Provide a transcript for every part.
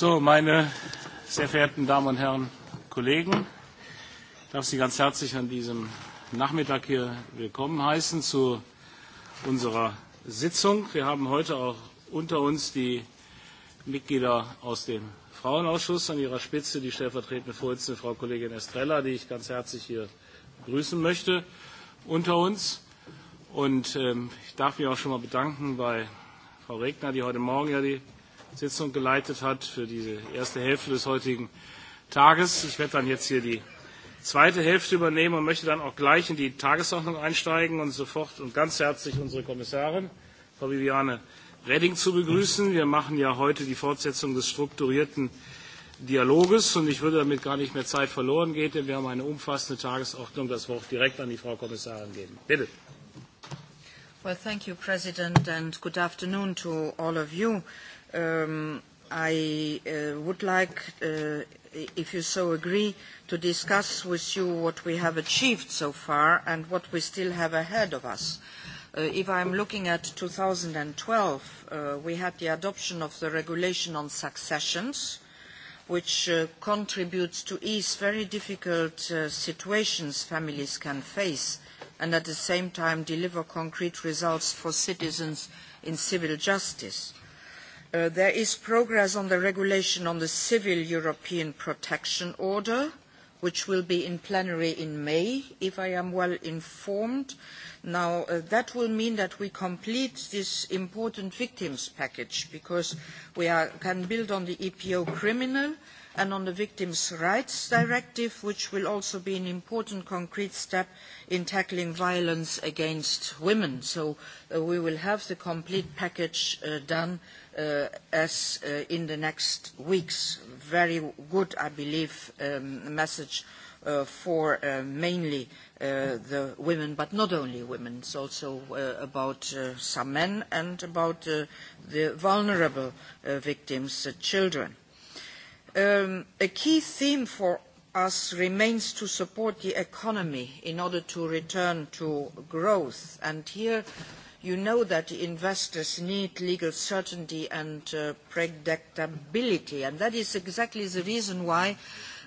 meine sehr verehrten Damen und Herren Kollegen, ich darf Sie ganz herzlich an diesem Nachmittag hier willkommen heißen zu unserer Sitzung. Wir haben heute auch unter uns die Mitglieder aus dem Frauenausschuss, an ihrer Spitze die stellvertretende Vorsitzende Frau Kollegin Estrella, die ich ganz herzlich hier begrüßen möchte, unter uns. Und ich darf mich auch schon mal bedanken bei Frau Regner, die heute Morgen ja die Sitzung geleitet hat für diese erste Hälfte des heutigen Tages. Ich werde dann jetzt hier die zweite Hälfte übernehmen und möchte dann auch gleich in die Tagesordnung einsteigen und sofort und ganz herzlich unsere Kommissarin, Frau Viviane Reding, zu begrüßen. Wir machen ja heute die Fortsetzung des strukturierten Dialoges und ich würde damit gar nicht mehr Zeit verloren gehen, denn wir haben eine umfassende Tagesordnung. Das Wort direkt an die Frau Kommissarin geben. Bitte. Well, thank you, President, and good afternoon to all of you. I would like, if you so agree, to discuss with you what we have achieved so far and what we still have ahead of us. If I am looking at 2012, we had the adoption of the regulation on successions, which contributes to ease very difficult situations families can face and at the same time deliver concrete results for citizens in civil justice. There is progress on the regulation on the Civil European Protection Order, which will be in plenary in May, if I am well informed. Now, that will mean that we complete this important victims package, because we can build on the EPO criminal and on the Victims' Rights Directive, which will also be an important concrete step in tackling violence against women. So we will have the complete package done as in the next weeks. Very good, I believe, message for mainly the women, but not only women. It's also about some men and about the vulnerable victims, children. A key theme for us remains to support the economy in order to return to growth. And here You know that investors need legal certainty and predictability, and that is exactly the reason why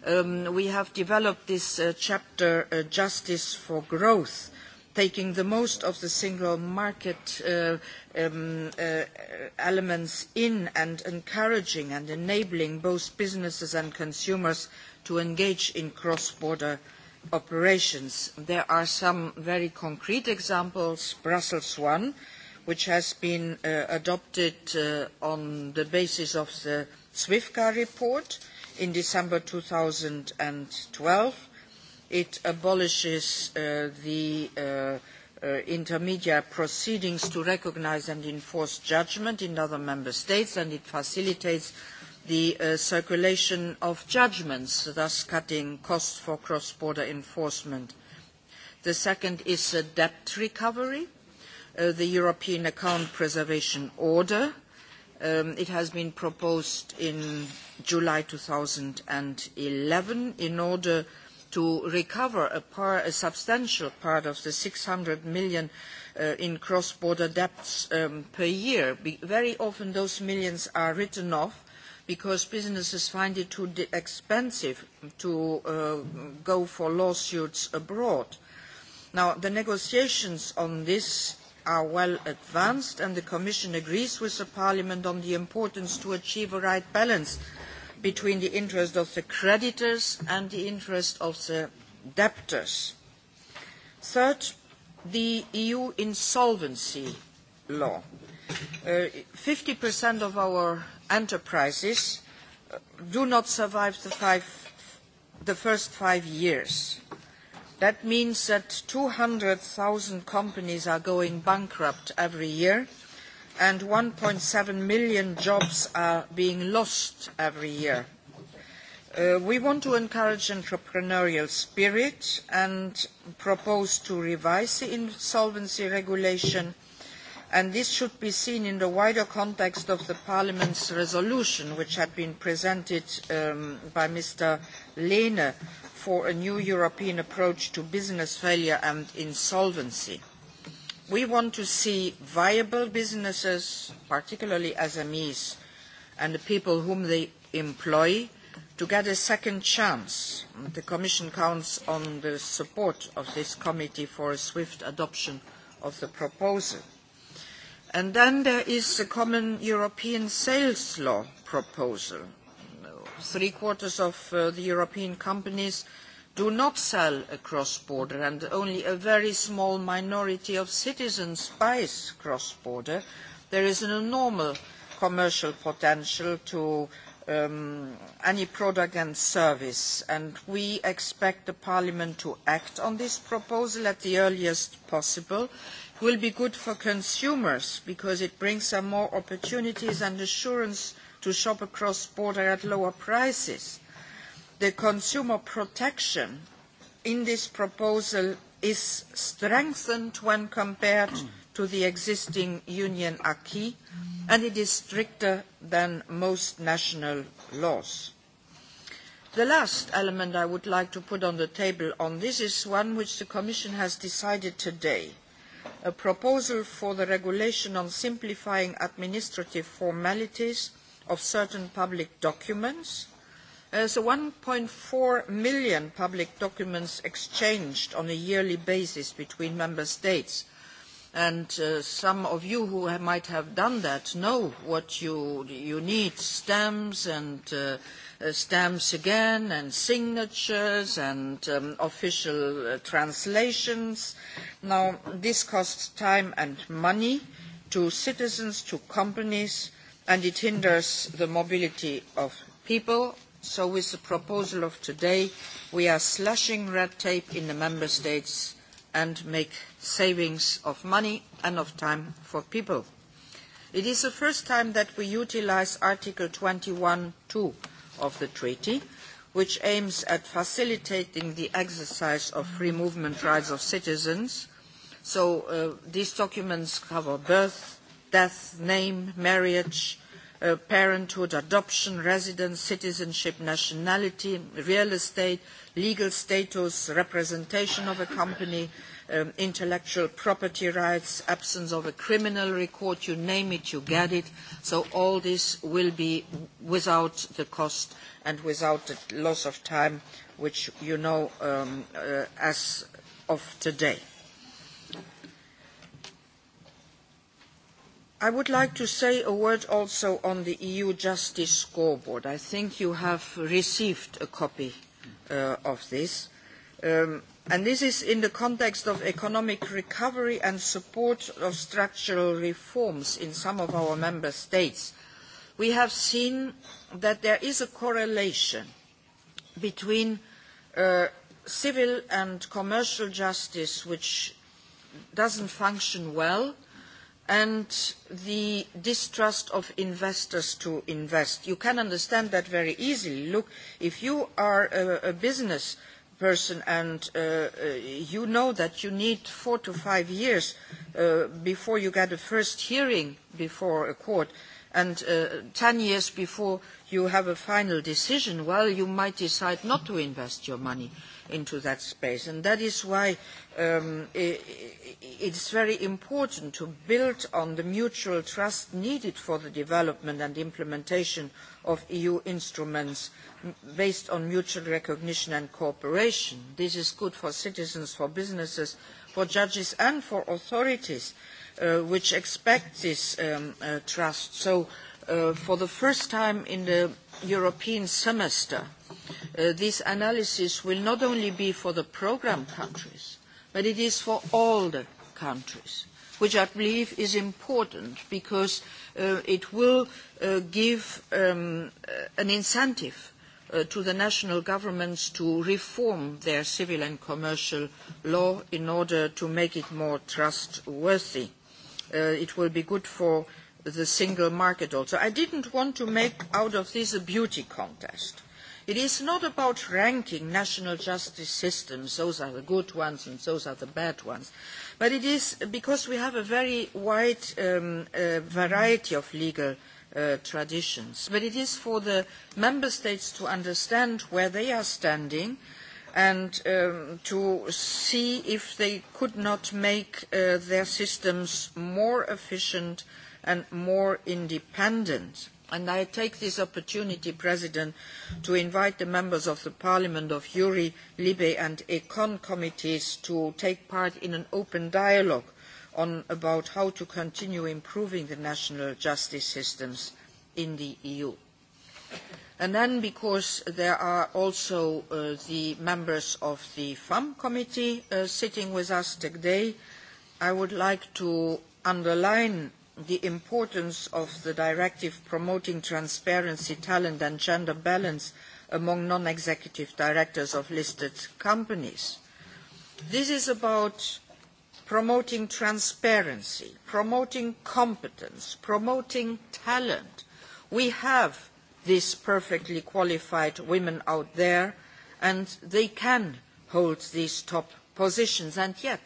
we have developed this chapter, Justice for Growth, taking the most of the single market elements in and encouraging and enabling both businesses and consumers to engage in cross-border operations. There are some very concrete examples. Brussels I, which has been adopted on the basis of the SWIFCA report in December 2012. It abolishes the intermediary proceedings to recognise and enforce judgment in other member states and it facilitates the circulation of judgments, thus cutting costs for cross-border enforcement. The second is debt recovery, the European Account Preservation Order. It has been proposed in July 2011 in order to recover a substantial part of the 600 million in cross-border debts per year. Very often those millions are written off because businesses find it too expensive to go for lawsuits abroad. Now, the negotiations on this are well advanced and the Commission agrees with Parliament on the importance to achieve a right balance between the interests of the creditors and the interest of the debtors. Third, the EU insolvency law. 50% of our enterprises do not survive the first five years. That means that 200,000 companies are going bankrupt every year and 1.7 million jobs are being lost every year. We want to encourage entrepreneurial spirit and propose to revise the insolvency regulation and this should be seen in the wider context of parliament's resolution which had been presented by mr lehne for a new european approach to business failure and insolvency. we want to see viable businesses particularly smes and the people whom they employ to get a second chance. the commission counts on the support of this committee for a swift adoption of the proposal. And then there is the common European sales law proposal. Three quarters of the European companies do not sell across border and only a very small minority of citizens buys cross border. There is an enormous commercial potential to any product and service and we expect Parliament to act on this proposal at the earliest possible will be good for consumers because it brings some more opportunities and assurance to shop across borders at lower prices. The consumer protection in this proposal is strengthened when compared to the existing union acquis and it is stricter than most national laws. The last element I would like to put on the table on this is one which the Commission has decided today a proposal for the regulation on simplifying administrative formalities of certain public documents. The 1.4 million public documents exchanged on a yearly basis between member states and some of you who might have done that know what you need stamps and stamps again and signatures and official translations now this costs time and money to citizens to companies and it hinders the mobility of people so with the proposal of today we are slashing red tape in the member states and make savings of money and of time for people. It is the first time that we utilise Article 21.2 of the Treaty, which aims at facilitating the exercise of free movement rights of citizens. So these documents cover birth, death, name, marriage, parenthood, adoption, residence, citizenship, nationality, real estate, legal status, representation of a company, intellectual property rights, absence of a criminal record, you name it, you get it. So all this will be without the cost and without the loss of time, which you know as of today. I would like to say a word also on the EU Justice Scoreboard. I think you have received a copy of this. And this is in the context of economic recovery and support of structural reforms in some of our member states. We have seen that there is a correlation between civil and commercial justice, which doesn't function well, and the distrust of investors to invest. You can understand that very easily. Look, if you are a business person and you know that you need four to five years before you get a first hearing before a court, and 10 years before you have a final decision, well, you might decide not to invest your money into that space. And that is why it is very important to build on the mutual trust needed for the development and implementation of EU instruments based on mutual recognition and cooperation. This is good for citizens, for businesses, for judges and for authorities which expect this trust. So for the first time in the European semester, this analysis will not only be for the programme countries, but it is for all the countries, which I believe is important because it will give an incentive to the national governments to reform their civil and commercial law in order to make it more trustworthy. It will be good for the single market also. I didn't want to make out of this a beauty contest. It is not about ranking national justice systems, those are the good ones and those are the bad ones, but it is because we have a very wide variety of legal traditions. But it is for the member states to understand where they are standing and to see if they could not make their systems more efficient and more independent. And I take this opportunity, President, to invite the members of the Parliament of Juri, Libe and Econ committees to take part in an open dialogue about how to continue improving the national justice systems in the EU. And then, because there are also the members of the FAM committee sitting with us today, I would like to underline the importance of the directive promoting transparency, talent and gender balance among non-executive directors of listed companies. This is about promoting transparency, promoting competence, promoting talent. We have these perfectly qualified women out there and they can hold these top positions and yet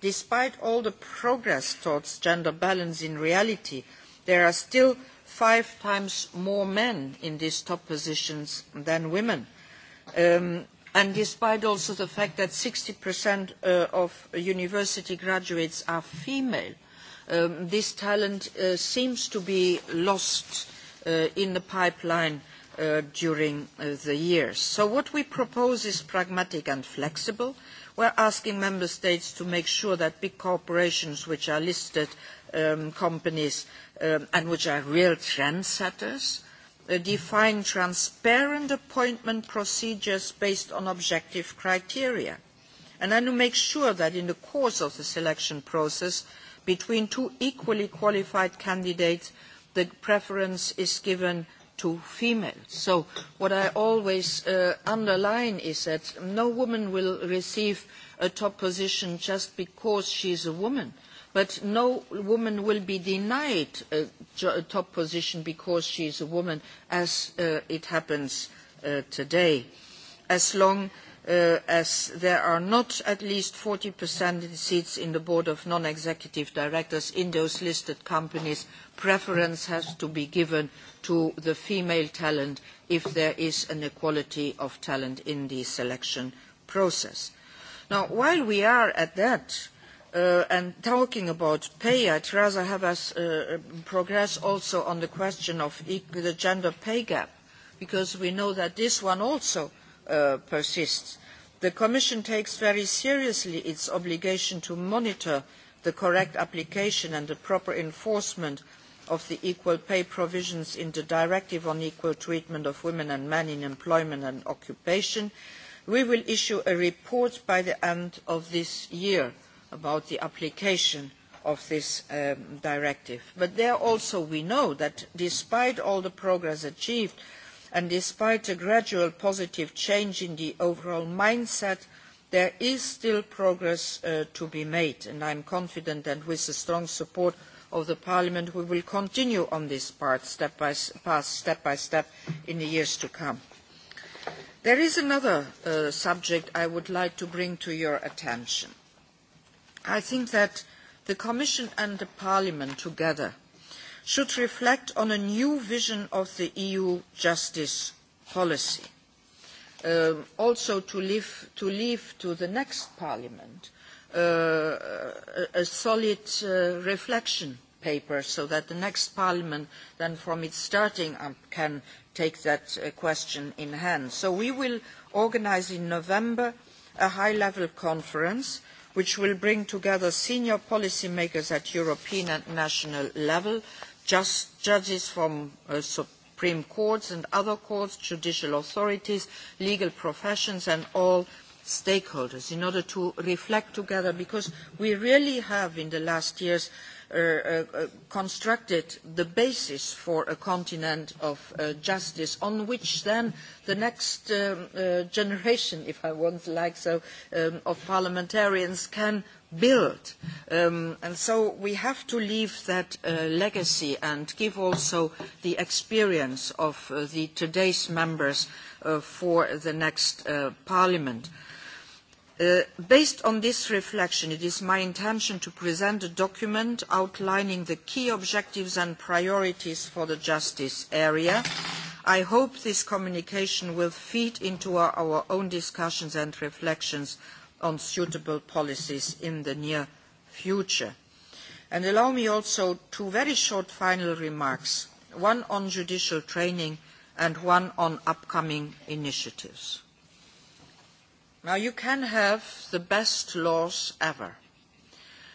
despite all the progress towards gender balance in reality there are still five times more men in these top positions than women and despite also the fact that 60% of university graduates are female this talent seems to be lost in the pipeline during the years. So what we propose is pragmatic and flexible. We are asking Member States to make sure that big corporations which are listed companies and which are real trendsetters define transparent appointment procedures based on objective criteria and then to make sure that in the course of the selection process between two equally qualified candidates the preference is given to females. So what I always underline is that no woman will receive a top position just because she is a woman, but no woman will be denied a top position because she is a woman, as it happens today, as long as there are not at least 40% seats in the board of non-executive directors in those listed companies, preference has to be given to the female talent if there is an equality of talent in the selection process. Now, while we are at that and talking about pay, I'd rather have us progress also on the question of the gender pay gap, because we know that this one also persists. The Commission takes very seriously its obligation to monitor the correct application and the proper enforcement of the equal pay provisions in the Directive on Equal Treatment of Women and Men in Employment and Occupation. We will issue a report by the end of this year about the application of this directive. But there also we know that despite all the progress achieved, and despite a gradual positive change in the overall mindset there is still progress to be made and i am confident that with the strong support of parliament we will continue on this path step by step in the years to come. there is another subject i would like to bring to your attention. i think that the commission and parliament together should reflect on a new vision of the EU justice policy. Also to leave to the next Parliament a solid reflection paper so that the next Parliament then from its starting up can take that question in hand. So we will organise in November a high level conference which will bring together senior policymakers at European and national level judges from Supreme Courts and other courts, judicial authorities, legal professions and all stakeholders in order to reflect together because we really have in the last years constructed the basis for a continent of justice on which then the next generation, if I want like so, of parliamentarians can build. And so we have to leave that legacy and give also the experience of the today's members for the next parliament. Based on this reflection, it is my intention to present a document outlining the key objectives and priorities for the justice area. I hope this communication will feed into our own discussions and reflections on suitable policies in the near future. allow me also two very short final remarks, one on judicial training and one on upcoming initiatives Now you can have the best laws ever.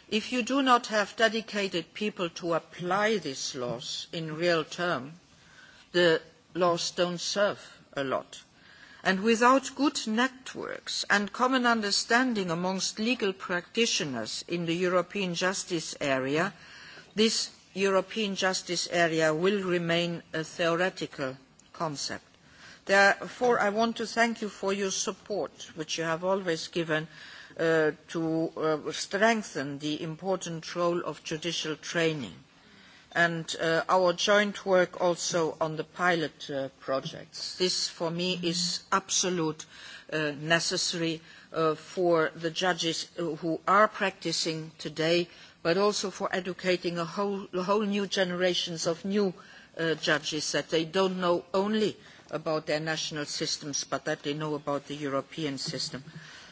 If you do not have dedicated people to apply these laws in real term, the laws don't serve a lot. And without good networks and common understanding amongst legal practitioners in the European justice area, this European justice area will remain a theoretical concept. Therefore, I want to thank you for your support, which you have always given to strengthen the important role of judicial training and our joint work also on the pilot projects. This, for me, is absolutely necessary for the judges who are practising today, but also for educating a whole new generations of new judges that they don't know only about their national systems, but that they know about the European system.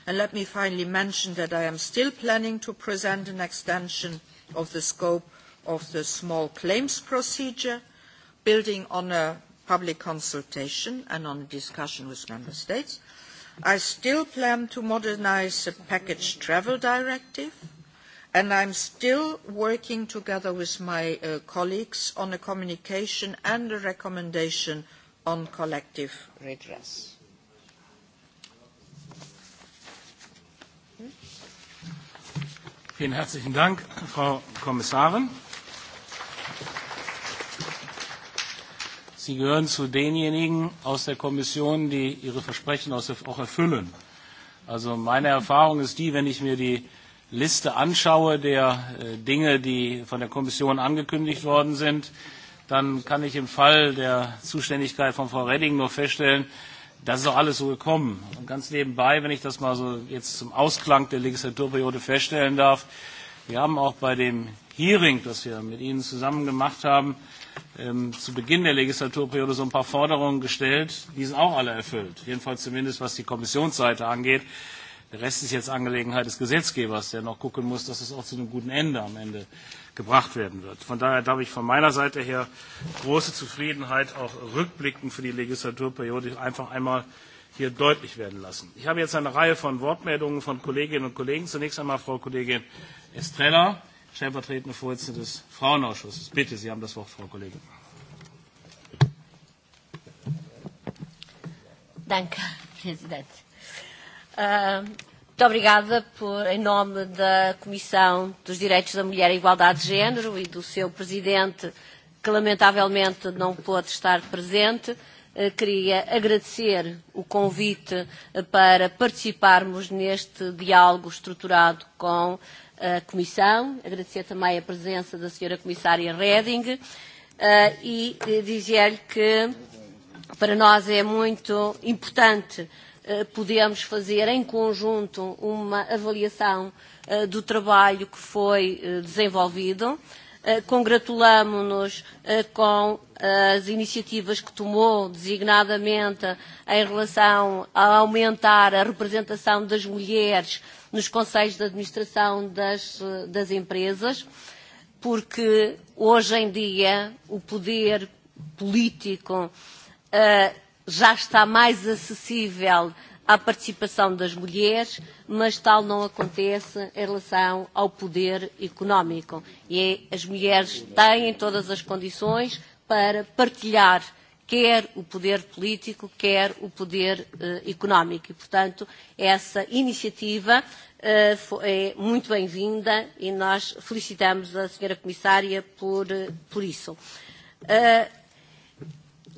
And let me finally mention that I am still planning to present an extension of the scope of the small claims procedure, building on a public consultation and on discussion with Member States. I still plan to modernise the package travel directive and I am still working together with my colleagues on a communication and a recommendation on collective redress. Vielen herzlichen Dank, Frau Kommissarin. Sie gehören zu denjenigen aus der Kommission, die ihre Versprechen auch erfüllen. Also meine Erfahrung ist die, wenn ich mir die Liste anschaue der Dinge, die von der Kommission angekündigt worden sind, dann kann ich im Fall der Zuständigkeit von Frau Redding nur feststellen, das ist auch alles so gekommen. Und ganz nebenbei, wenn ich das mal so jetzt zum Ausklang der Legislaturperiode feststellen darf, wir haben auch bei dem Hearing, das wir mit Ihnen zusammen gemacht haben, zu Beginn der Legislaturperiode so ein paar Forderungen gestellt. Die sind auch alle erfüllt, jedenfalls zumindest was die Kommissionsseite angeht. Der Rest ist jetzt Angelegenheit des Gesetzgebers, der noch gucken muss, dass es auch zu einem guten Ende am Ende gebracht werden wird. Von daher darf ich von meiner Seite her große Zufriedenheit auch rückblickend für die Legislaturperiode einfach einmal hier deutlich werden lassen. Ich habe jetzt eine Reihe von Wortmeldungen von Kolleginnen und Kollegen. Zunächst einmal Frau Kollegin Estrella, stellvertretende Vorsitzende des Frauenausschusses. Bitte, Sie haben das Wort, Frau Kollegin. Danke, Herr Präsident. Muito obrigada por, em nome da Comissão dos Direitos da Mulher e Igualdade de Gênero e do seu Presidente, que lamentavelmente não pôde estar presente, queria agradecer o convite para participarmos neste diálogo estruturado com a Comissão, agradecer também a presença da Sra. Comissária Reding e dizer-lhe que para nós é muito importante podemos fazer em conjunto uma avaliação do trabalho que foi desenvolvido. Congratulamo-nos com as iniciativas que tomou, designadamente em relação a aumentar a representação das mulheres nos conselhos de administração das, das empresas, porque hoje em dia o poder político já está mais acessível à participação das mulheres, mas tal não acontece em relação ao poder económico. E as mulheres têm todas as condições para partilhar quer o poder político, quer o poder económico. E, portanto, essa iniciativa é muito bem-vinda e nós felicitamos a Sra. Comissária por isso.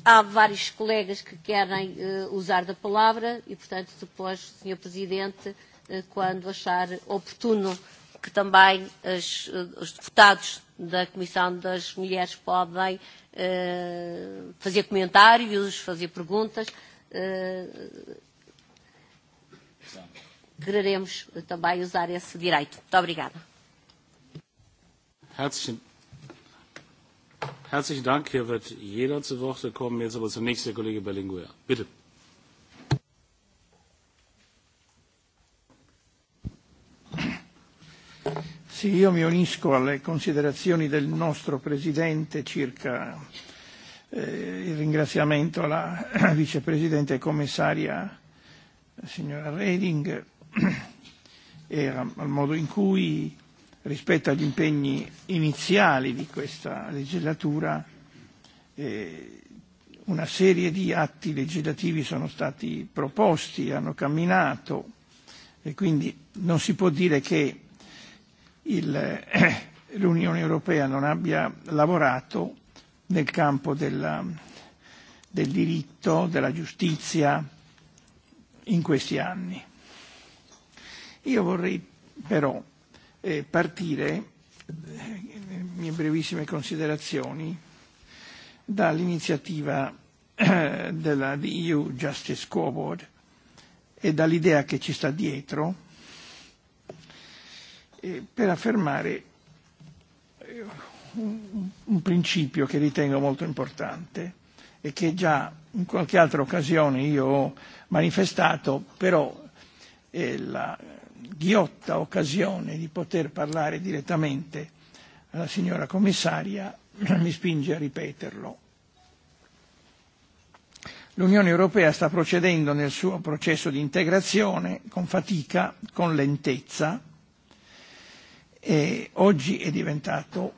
Há vários colegas que querem usar da palavra e, portanto, depois, Sr. Presidente, quando achar oportuno que também os deputados da Comissão das Mulheres podem fazer comentários, fazer perguntas. Quereremos também usar esse direito. Muito obrigada. Herzlichen Herzlichen Dank. Hier wird jeder zu Wort kommen. Jetzt aber zunächst der Kollege Berlinguer. Bitte. Sì, io mi unisco alle considerazioni del nostro Presidente circa il ringraziamento alla Vicepresidente e Commissaria signora Reding e al modo in cui rispetto agli impegni iniziali di questa legislatura una serie di atti legislativi sono stati proposti, hanno camminato e quindi non si può dire che l'Unione Europea non abbia lavorato nel campo della del diritto, della giustizia in questi anni. Io vorrei però partire, mie brevissime considerazioni, dall'iniziativa della EU Justice Scoreboard e dall'idea che ci sta dietro per affermare un principio che ritengo molto importante e che già in qualche altra occasione io ho manifestato, però la ghiotta occasione di poter parlare direttamente alla signora commissaria mi spinge a ripeterlo. L'Unione Europea sta procedendo nel suo processo di integrazione con fatica, con lentezza e oggi è diventato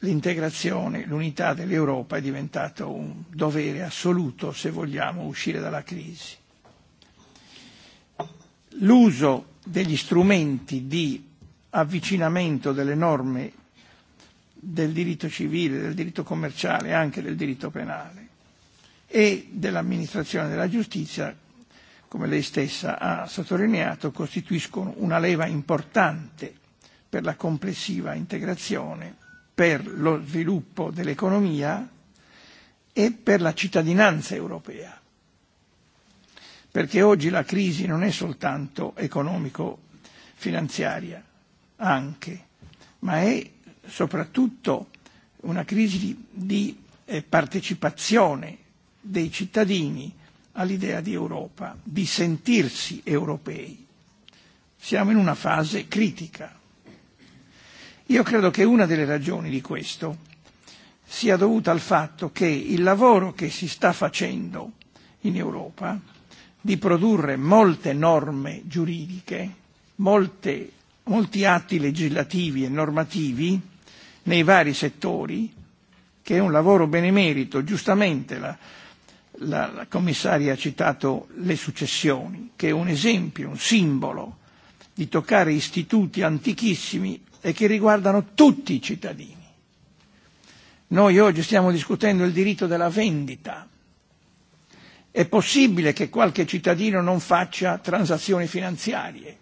l'integrazione, l'unità dell'Europa è diventato un dovere assoluto se vogliamo uscire dalla crisi. L'uso degli strumenti di avvicinamento delle norme del diritto civile, del diritto commerciale e anche del diritto penale e dell'amministrazione della giustizia, come lei stessa ha sottolineato, costituiscono una leva importante per la complessiva integrazione, per lo sviluppo dell'economia e per la cittadinanza europea perché oggi la crisi non è soltanto economico-finanziaria, anche, ma è soprattutto una crisi di partecipazione dei cittadini all'idea di Europa, di sentirsi europei. Siamo in una fase critica. Io credo che una delle ragioni di questo sia dovuta al fatto che il lavoro che si sta facendo in Europa di produrre molte norme giuridiche, molte molti atti legislativi e normativi nei vari settori, che è un lavoro benemerito. Giustamente la commissaria ha citato le successioni, che è un esempio, un simbolo di toccare istituti antichissimi e che riguardano tutti i cittadini. Noi oggi stiamo discutendo il diritto della vendita, È possibile che qualche cittadino non faccia transazioni finanziarie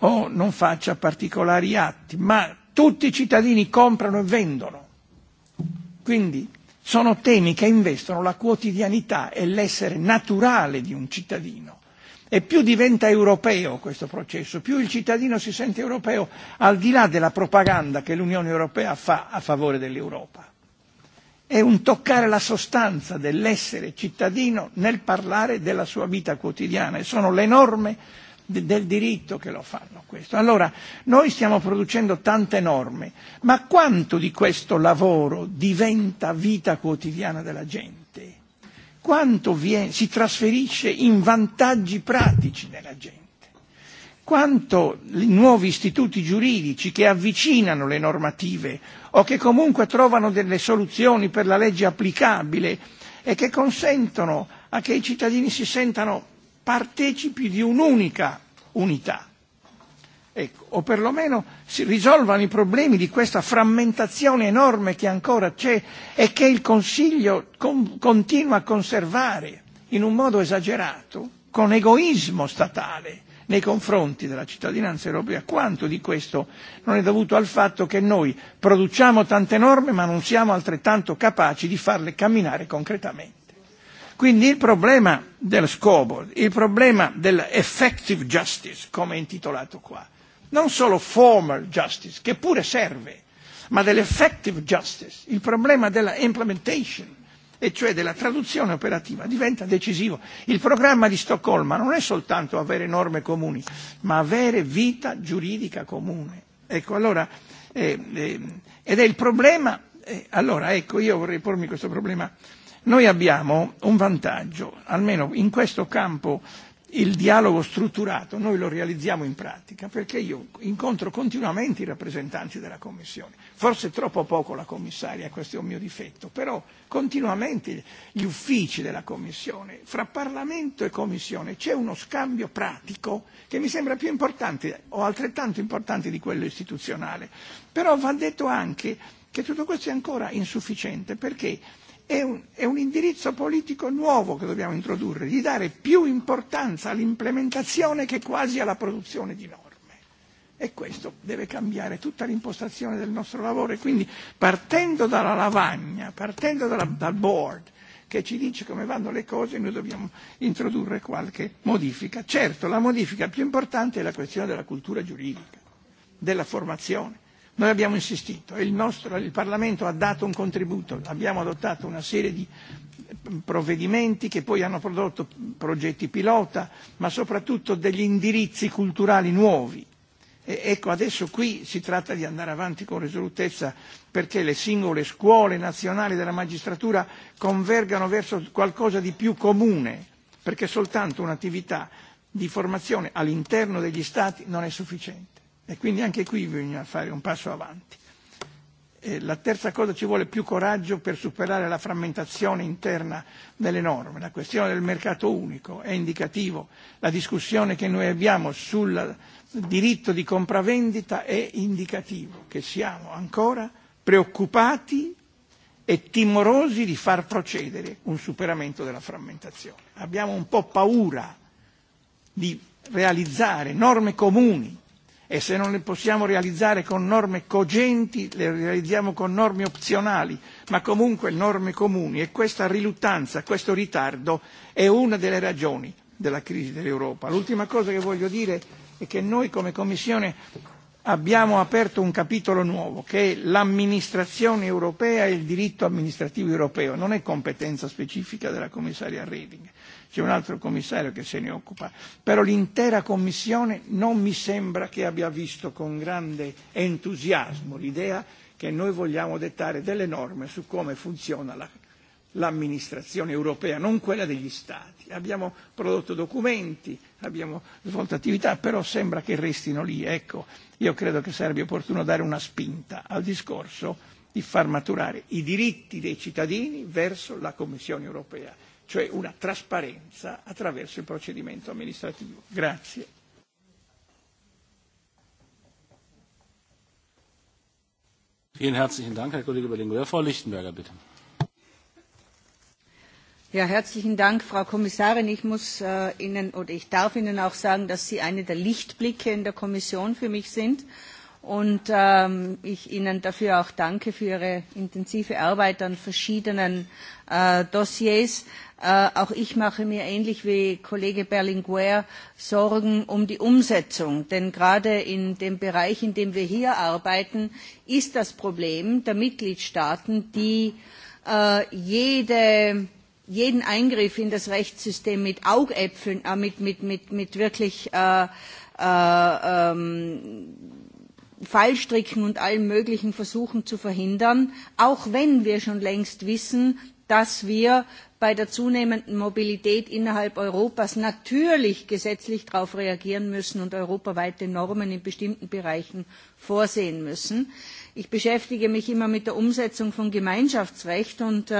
o non faccia particolari atti, ma tutti i cittadini comprano e vendono. Quindi sono temi che investono la quotidianità e l'essere naturale di un cittadino. E più diventa europeo questo processo, più il cittadino si sente europeo al di là della propaganda che l'Unione Europea fa a favore dell'Europa è un toccare la sostanza dell'essere cittadino nel parlare della sua vita quotidiana e sono le norme del diritto che lo fanno questo. Allora noi stiamo producendo tante norme, ma quanto di questo lavoro diventa vita quotidiana della gente? Quanto si trasferisce in vantaggi pratici nella gente? quanto i nuovi istituti giuridici che avvicinano le normative o che comunque trovano delle soluzioni per la legge applicabile e che consentono a che i cittadini si sentano partecipi di un'unica unità ecco o perlomeno si risolvano i problemi di questa frammentazione enorme che ancora c'è e che il Consiglio continua a conservare in un modo esagerato con egoismo statale nei confronti della cittadinanza europea quanto di questo non è dovuto al fatto che noi produciamo tante norme ma non siamo altrettanto capaci di farle camminare concretamente. Quindi il problema dello scoreboard, il problema dell'effective justice, come è intitolato qua, non solo formal justice, che pure serve, ma dell'effective justice, il problema della implementation, e cioè della traduzione operativa, diventa decisivo. Il programma di Stoccolma non è soltanto avere norme comuni, ma avere vita giuridica comune. Ecco, allora, ed è il problema, allora, ecco, io vorrei pormi questo problema. Noi abbiamo un vantaggio, almeno in questo campo il dialogo strutturato noi lo realizziamo in pratica perché io incontro continuamente i rappresentanti della Commissione forse troppo poco la commissaria, questo è un mio difetto, però continuamente gli uffici della commissione, fra Parlamento e commissione c'è uno scambio pratico che mi sembra più importante o altrettanto importante di quello istituzionale, però va detto anche che tutto questo è ancora insufficiente perché è un, indirizzo politico nuovo che dobbiamo introdurre, di dare più importanza all'implementazione che quasi alla produzione di norme e questo deve cambiare tutta l'impostazione del nostro lavoro e quindi partendo dalla lavagna, partendo dal board che ci dice come vanno le cose noi dobbiamo introdurre qualche modifica. Certo, la modifica più importante è la questione della cultura giuridica, della formazione. Noi abbiamo insistito, il nostro il Parlamento ha dato un contributo, abbiamo adottato una serie di provvedimenti che poi hanno prodotto progetti pilota, ma soprattutto degli indirizzi culturali nuovi Ecco, adesso qui si tratta di andare avanti con risolutezza perché le singole scuole nazionali della magistratura convergano verso qualcosa di più comune, perché soltanto un'attività di formazione all'interno degli Stati non è sufficiente e quindi anche qui bisogna fare un passo avanti. La terza cosa ci vuole più coraggio per superare la frammentazione interna delle norme. La questione del mercato unico è indicativo. La discussione che noi abbiamo sulla Il diritto di compravendita è indicativo che siamo ancora preoccupati e timorosi di far procedere un superamento della frammentazione. Abbiamo un po' paura di realizzare norme comuni e se non le possiamo realizzare con norme cogenti le realizziamo con norme opzionali, ma comunque norme comuni e questa riluttanza, questo ritardo è una delle ragioni della crisi dell'Europa. L'ultima cosa che voglio dire e che noi come Commissione abbiamo aperto un capitolo nuovo che è l'amministrazione europea e il diritto amministrativo europeo, non è competenza specifica della commissaria Reding, c'è un altro commissario che se ne occupa, però l'intera Commissione non mi sembra che abbia visto con grande entusiasmo l'idea che noi vogliamo dettare delle norme su come funziona l'amministrazione europea, non quella degli Stati. Abbiamo prodotto documenti, abbiamo svolto attività, però sembra che restino lì. Ecco, io credo che sarebbe opportuno dare una spinta al discorso di far maturare i diritti dei cittadini verso la Commissione europea, cioè una trasparenza attraverso il procedimento amministrativo. Grazie. Frau bitte herzlichen Dank, Frau Kommissarin. Ich muss Ihnen oder ich darf Ihnen auch sagen, dass Sie eine der Lichtblicke in der Kommission für mich sind und ich Ihnen dafür auch danke für Ihre intensive Arbeit an verschiedenen Dossiers. Auch ich mache mir ähnlich wie Kollege Berlinguer Sorgen um die Umsetzung, denn gerade in dem Bereich, in dem wir hier arbeiten, ist das Problem der Mitgliedstaaten, die jede jeden Eingriff in das Rechtssystem mit Augäpfeln, mit, mit, mit, mit wirklich ähm, Fallstricken und allen möglichen Versuchen zu verhindern, auch wenn wir schon längst wissen, dass wir bei der zunehmenden Mobilität innerhalb Europas natürlich gesetzlich darauf reagieren müssen und europaweite Normen in bestimmten Bereichen vorsehen müssen. Ich beschäftige mich immer mit der Umsetzung von Gemeinschaftsrecht und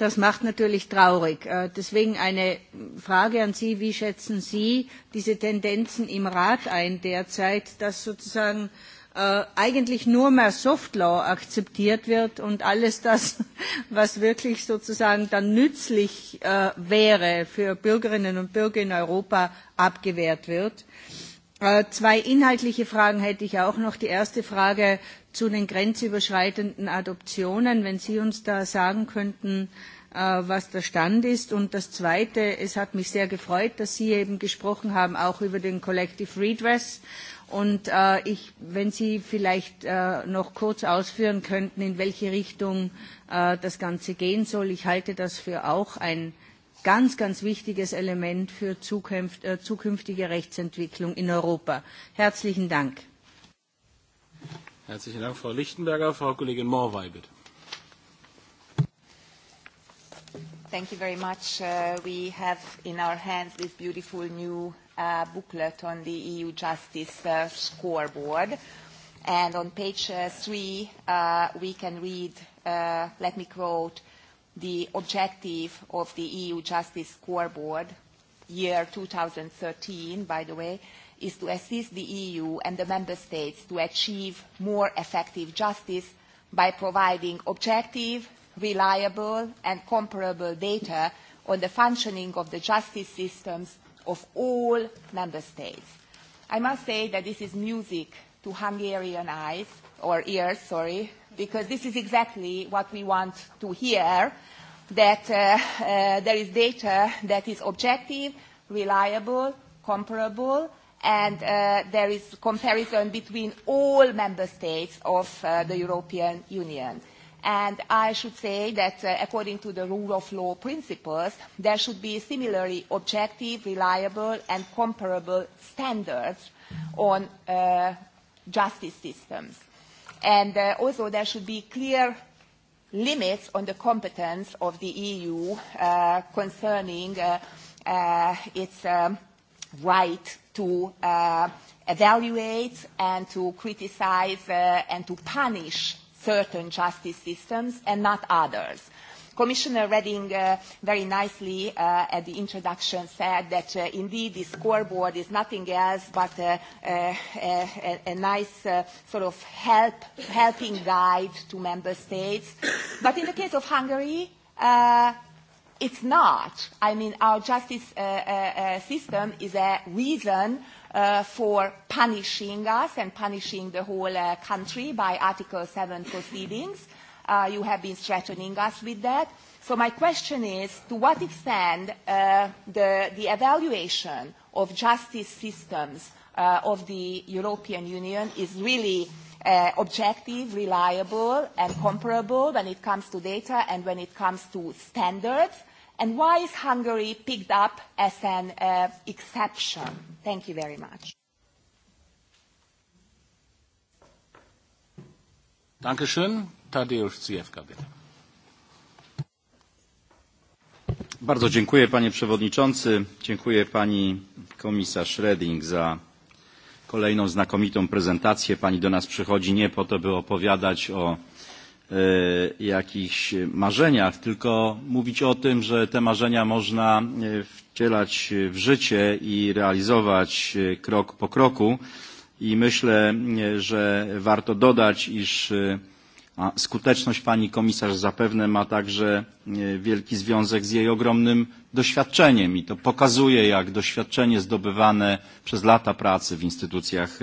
Das macht natürlich traurig. Deswegen eine Frage an Sie. Wie schätzen Sie diese Tendenzen im Rat ein derzeit, dass sozusagen eigentlich nur mehr Softlaw akzeptiert wird und alles das, was wirklich sozusagen dann nützlich wäre für Bürgerinnen und Bürger in Europa, abgewehrt wird? Zwei inhaltliche Fragen hätte ich auch noch. Die erste Frage zu den grenzüberschreitenden Adoptionen, wenn Sie uns da sagen könnten, was der Stand ist. Und das Zweite, es hat mich sehr gefreut, dass Sie eben gesprochen haben, auch über den Collective Redress. Und wenn Sie vielleicht noch kurz ausführen könnten, in welche Richtung das Ganze gehen soll. Ich halte das für auch ein ganz, ganz wichtiges Element für zukünftige Rechtsentwicklung in Europa. Herzlichen Dank. Herzlichen Dank, Frau Lichtenberger. Frau Kollegin Morvay, bitte. Thank you very much. We have in our hands this beautiful new booklet on the EU Justice Scoreboard. And on page three, we can read, let me quote, the objective of the EU Justice Scoreboard, year 2013, by the way, is to assist the EU and the Member States to achieve more effective justice by providing objective, reliable and comparable data on the functioning of the justice systems of all Member States. I must say that this is music to Hungarian eyes, or ears, sorry, because this is exactly what we want to hear, that there is data that is objective, reliable, comparable, and there is comparison between all member states of the European Union. And I should say that according to the rule of law principles, there should be similarly objective, reliable and comparable standards on justice systems and also there should be clear limits on the competence of the EU concerning its right to evaluate and to criticize and to punish certain justice systems and not others. Commissioner Reding very nicely at the introduction said that indeed the scoreboard is nothing else but a nice sort of helping guide to member states. But in the case of Hungary, it's not. I mean, our justice system is a reason for punishing us and punishing the whole country by Article 7 proceedings you have been threatening us with that. So my question is, to what extent the evaluation of justice systems of the European Union is really objective, reliable and comparable when it comes to data and when it comes to standards? And why is Hungary picked up as an exception? Thank you very much. Tadeusz Bardzo dziękuję panie przewodniczący, dziękuję pani komisarz Reding za kolejną znakomitą prezentację. Pani do nas przychodzi nie po to, by opowiadać o jakichś marzeniach, tylko mówić o tym, że te marzenia można wcielać w życie i realizować krok po kroku. I myślę, że warto dodać, iż skuteczność pani komisarz zapewne ma także wielki związek z jej ogromnym doświadczeniem i to pokazuje, jak doświadczenie zdobywane przez lata pracy w instytucjach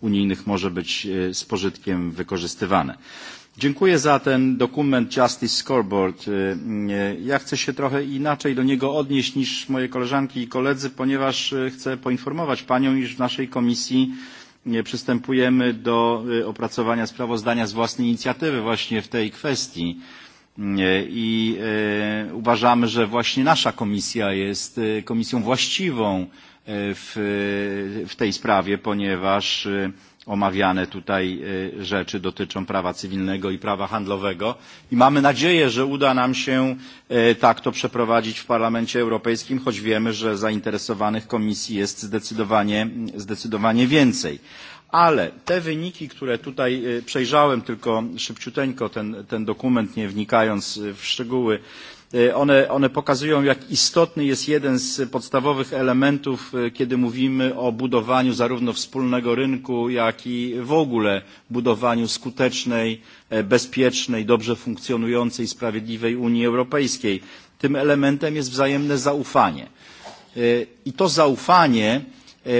unijnych może być z pożytkiem wykorzystywane. Dziękuję za ten dokument Justice Scoreboard. Ja chcę się trochę inaczej do niego odnieść niż moje koleżanki i koledzy, ponieważ chcę poinformować Panią, iż w naszej komisji przystępujemy do opracowania sprawozdania z własnej inicjatywy właśnie w tej kwestii i uważamy, że właśnie nasza komisja jest komisją właściwą w tej sprawie, ponieważ omawiane tutaj rzeczy dotyczą prawa cywilnego i prawa handlowego i mamy nadzieję, że uda nam się tak to przeprowadzić w Parlamencie Europejskim, choć wiemy, że zainteresowanych komisji jest zdecydowanie więcej. Ale te wyniki, które tutaj przejrzałem tylko szybciuteńko ten dokument, nie wnikając w szczegóły One pokazują, jak istotny jest jeden z podstawowych elementów, kiedy mówimy o budowaniu zarówno wspólnego rynku, jak i w ogóle budowaniu skutecznej, bezpiecznej, dobrze funkcjonującej, sprawiedliwej Unii Europejskiej. Tym elementem jest wzajemne zaufanie. I to zaufanie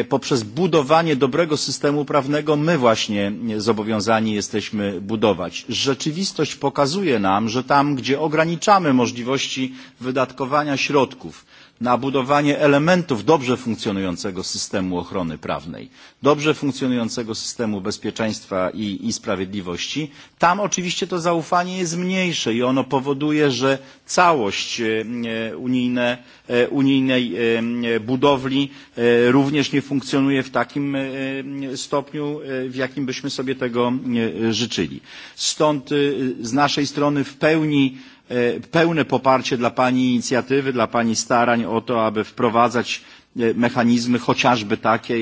poprzez budowanie dobrego systemu prawnego my właśnie zobowiązani jesteśmy budować. Rzeczywistość pokazuje nam, że tam, gdzie ograniczamy możliwości wydatkowania środków, na budowanie elementów dobrze funkcjonującego systemu ochrony prawnej, dobrze funkcjonującego systemu bezpieczeństwa i sprawiedliwości. Tam oczywiście to zaufanie jest mniejsze i ono powoduje, że całość unijnej budowli również nie funkcjonuje w takim stopniu, w jakim byśmy sobie tego życzyli. Stąd z naszej strony w pełni pełne poparcie dla Pani inicjatywy, dla Pani starań o to, aby wprowadzać mechanizmy chociażby takie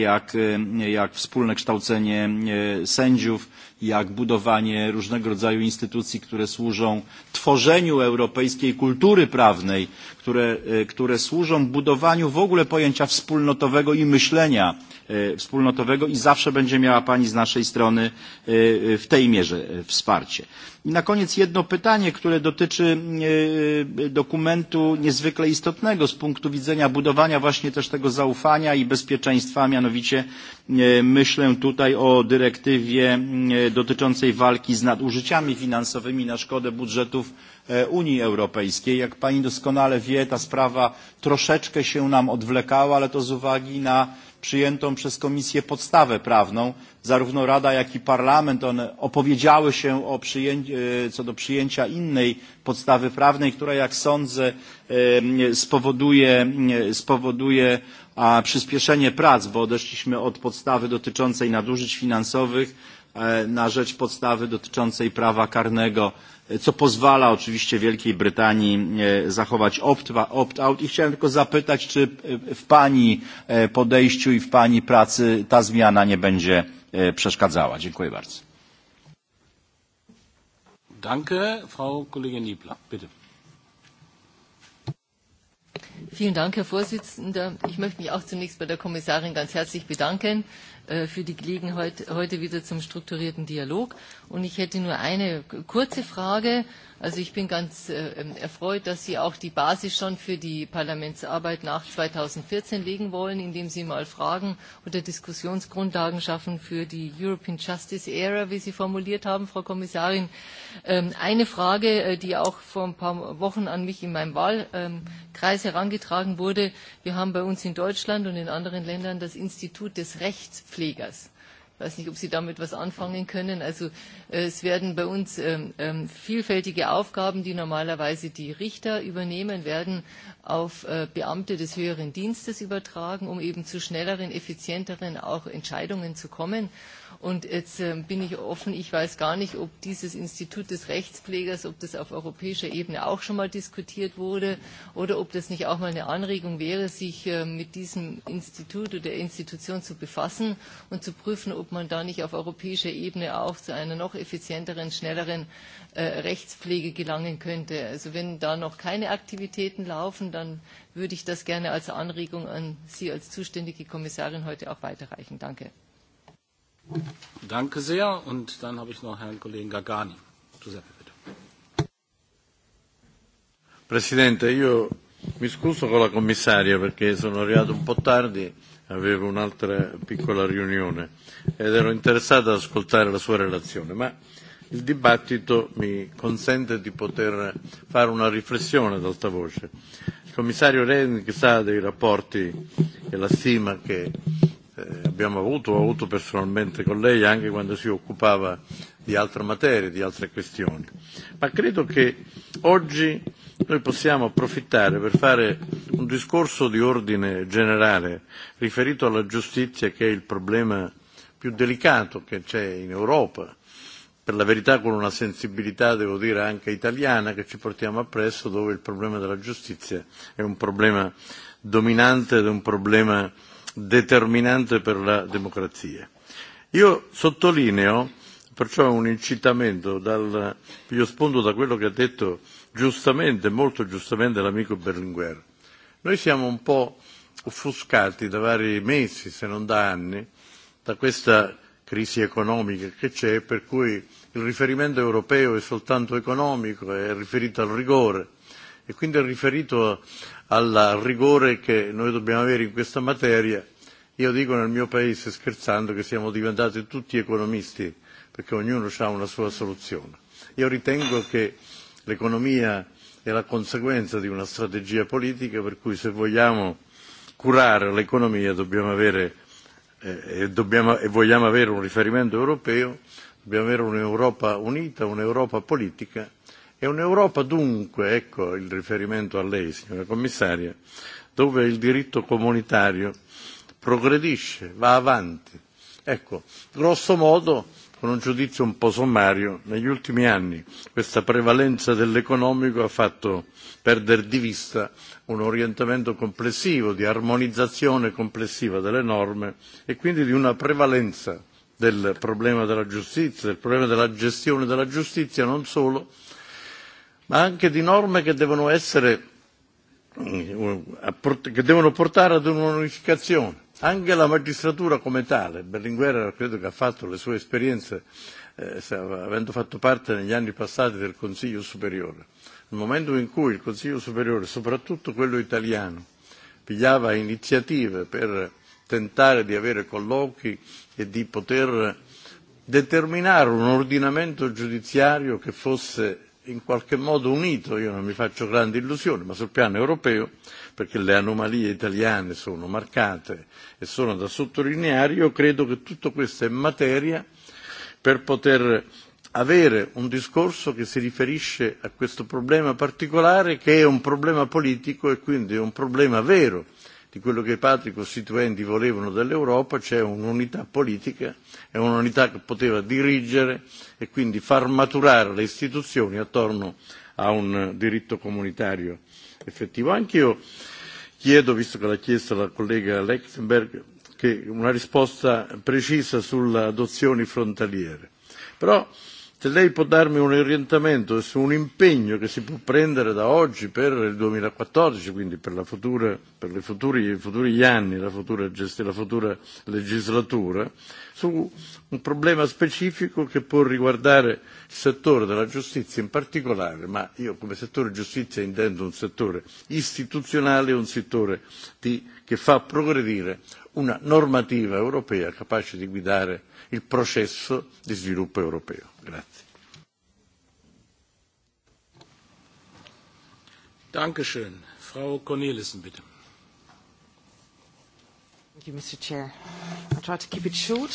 jak wspólne kształcenie sędziów jak budowanie różnego rodzaju instytucji, które służą tworzeniu europejskiej kultury prawnej, które służą budowaniu w ogóle pojęcia wspólnotowego i myślenia wspólnotowego i zawsze będzie miała Pani z naszej strony w tej mierze wsparcie. I na koniec jedno pytanie, które dotyczy dokumentu niezwykle istotnego z punktu widzenia budowania właśnie też tego zaufania i bezpieczeństwa, mianowicie myślę tutaj o dyrektywie dotyczącej walki z nadużyciami finansowymi na szkodę budżetów Unii Europejskiej. Jak pani doskonale wie, ta sprawa troszeczkę się nam odwlekała, ale to z uwagi na przyjętą przez Komisję podstawę prawną. Zarówno Rada, jak i Parlament opowiedziały się co do przyjęcia innej podstawy prawnej, która, jak sądzę, spowoduje przyspieszenie prac, bo odeszliśmy od podstawy dotyczącej nadużyć finansowych na rzecz podstawy dotyczącej prawa karnego, co pozwala oczywiście Wielkiej Brytanii zachować opt-out. I chciałem tylko zapytać, czy w Pani podejściu i w Pani pracy ta zmiana nie będzie przeszkadzała. Dziękuję bardzo. Danke, Frau Kollegin bitte. Vielen Dank, Herr Vorsitzender. Ich möchte mich auch zunächst bei der Kommissarin ganz herzlich bedanken für die Gelegenheit heute wieder zum strukturierten Dialog. Und ich hätte nur eine kurze Frage. Also ich bin ganz erfreut, dass Sie auch die Basis schon für die Parlamentsarbeit nach 2014 legen wollen, indem Sie mal Fragen oder Diskussionsgrundlagen schaffen für die European Justice Era, wie Sie formuliert haben, Frau Kommissarin. Eine Frage, die auch vor ein paar Wochen an mich in meinem Wahlkreis herangetragen wurde. Wir haben bei uns in Deutschland und in anderen Ländern das Institut des Rechts Pflegers. Ich weiß nicht, ob Sie damit was anfangen können. Also es werden bei uns vielfältige Aufgaben, die normalerweise die Richter übernehmen werden, auf Beamte des höheren Dienstes übertragen, um eben zu schnelleren, effizienteren auch Entscheidungen zu kommen. Und jetzt bin ich offen, ich weiß gar nicht, ob dieses Institut des Rechtspflegers, ob das auf europäischer Ebene auch schon mal diskutiert wurde oder ob das nicht auch mal eine Anregung wäre, sich mit diesem Institut oder der Institution zu befassen und zu prüfen, ob man da nicht auf europäischer Ebene auch zu einer noch effizienteren, schnelleren Rechtspflege gelangen könnte. Also wenn da noch keine Aktivitäten laufen, dann würde ich das gerne als Anregung an Sie als zuständige Kommissarin heute auch weiterreichen. Danke. Danke sehr. Und dann habe ich noch Presidente, io mi scuso con la commissaria perché sono arrivato un po' tardi, avevo un'altra piccola riunione ed ero interessato ad ascoltare la sua relazione, ma il dibattito mi consente di poter fare una riflessione ad alta voce. Il commissario Reding sa dei rapporti e la stima che abbiamo avuto, ho avuto personalmente con lei anche quando si occupava di altre materie, di altre questioni. Ma credo che oggi noi possiamo approfittare per fare un discorso di ordine generale riferito alla giustizia che è il problema più delicato che c'è in Europa, per la verità con una sensibilità, devo dire, anche italiana che ci portiamo appresso dove il problema della giustizia è un problema dominante ed è un problema determinante per la democrazia. Io sottolineo perciò un incitamento dal io spunto da quello che ha detto giustamente, molto giustamente l'amico Berlinguer. Noi siamo un po' offuscati da vari mesi, se non da anni, da questa crisi economica che c'è, per cui il riferimento europeo è soltanto economico, è riferito al rigore e quindi è riferito al rigore che noi dobbiamo avere in questa materia. Io dico nel mio paese, scherzando, che siamo diventati tutti economisti, perché ognuno ha una sua soluzione. Io ritengo che l'economia è la conseguenza di una strategia politica, per cui se vogliamo curare l'economia dobbiamo avere e vogliamo avere un riferimento europeo, dobbiamo avere un'Europa unita, un'Europa politica È un'Europa dunque, ecco il riferimento a lei signora commissaria, dove il diritto comunitario progredisce, va avanti. Ecco, grosso modo, con un giudizio un po' sommario, negli ultimi anni questa prevalenza dell'economico ha fatto perdere di vista un orientamento complessivo, di armonizzazione complessiva delle norme e quindi di una prevalenza del problema della giustizia, del problema della gestione della giustizia non solo ma anche di norme che devono essere devono portare ad un'unificazione. Anche la magistratura come tale, Berlinguer credo che ha fatto le sue esperienze avendo fatto parte negli anni passati del Consiglio Superiore. Nel momento in cui il Consiglio Superiore, soprattutto quello italiano, pigliava iniziative per tentare di avere colloqui e di poter determinare un ordinamento giudiziario che fosse in qualche modo unito, io non mi faccio grandi illusioni, ma sul piano europeo, perché le anomalie italiane sono marcate e sono da sottolineare, io credo che tutto questo è materia per poter avere un discorso che si riferisce a questo problema particolare che è un problema politico e quindi è un problema vero di quello che i padri costituenti volevano dell'Europa, c'è un'unità politica, è un'unità che poteva dirigere e quindi far maturare le istituzioni attorno a un diritto comunitario effettivo. Anch'io chiedo, visto che l'ha chiesto la collega Lechtenberg, una risposta precisa sulle adozioni frontaliere. Però se lei può darmi un orientamento su un impegno che si può prendere da oggi per il 2014, quindi per, la futura, per i, futuri, i futuri anni, la futura, la futura legislatura, su un problema specifico che può riguardare il settore della giustizia in particolare, ma io come settore giustizia intendo un settore istituzionale, un settore di, che fa progredire una normativa europea capace di guidare il processo di sviluppo europeo. Danke schön. Frau Cornelissen, bitte. Thank you, Mr. Chair. I try to keep it short.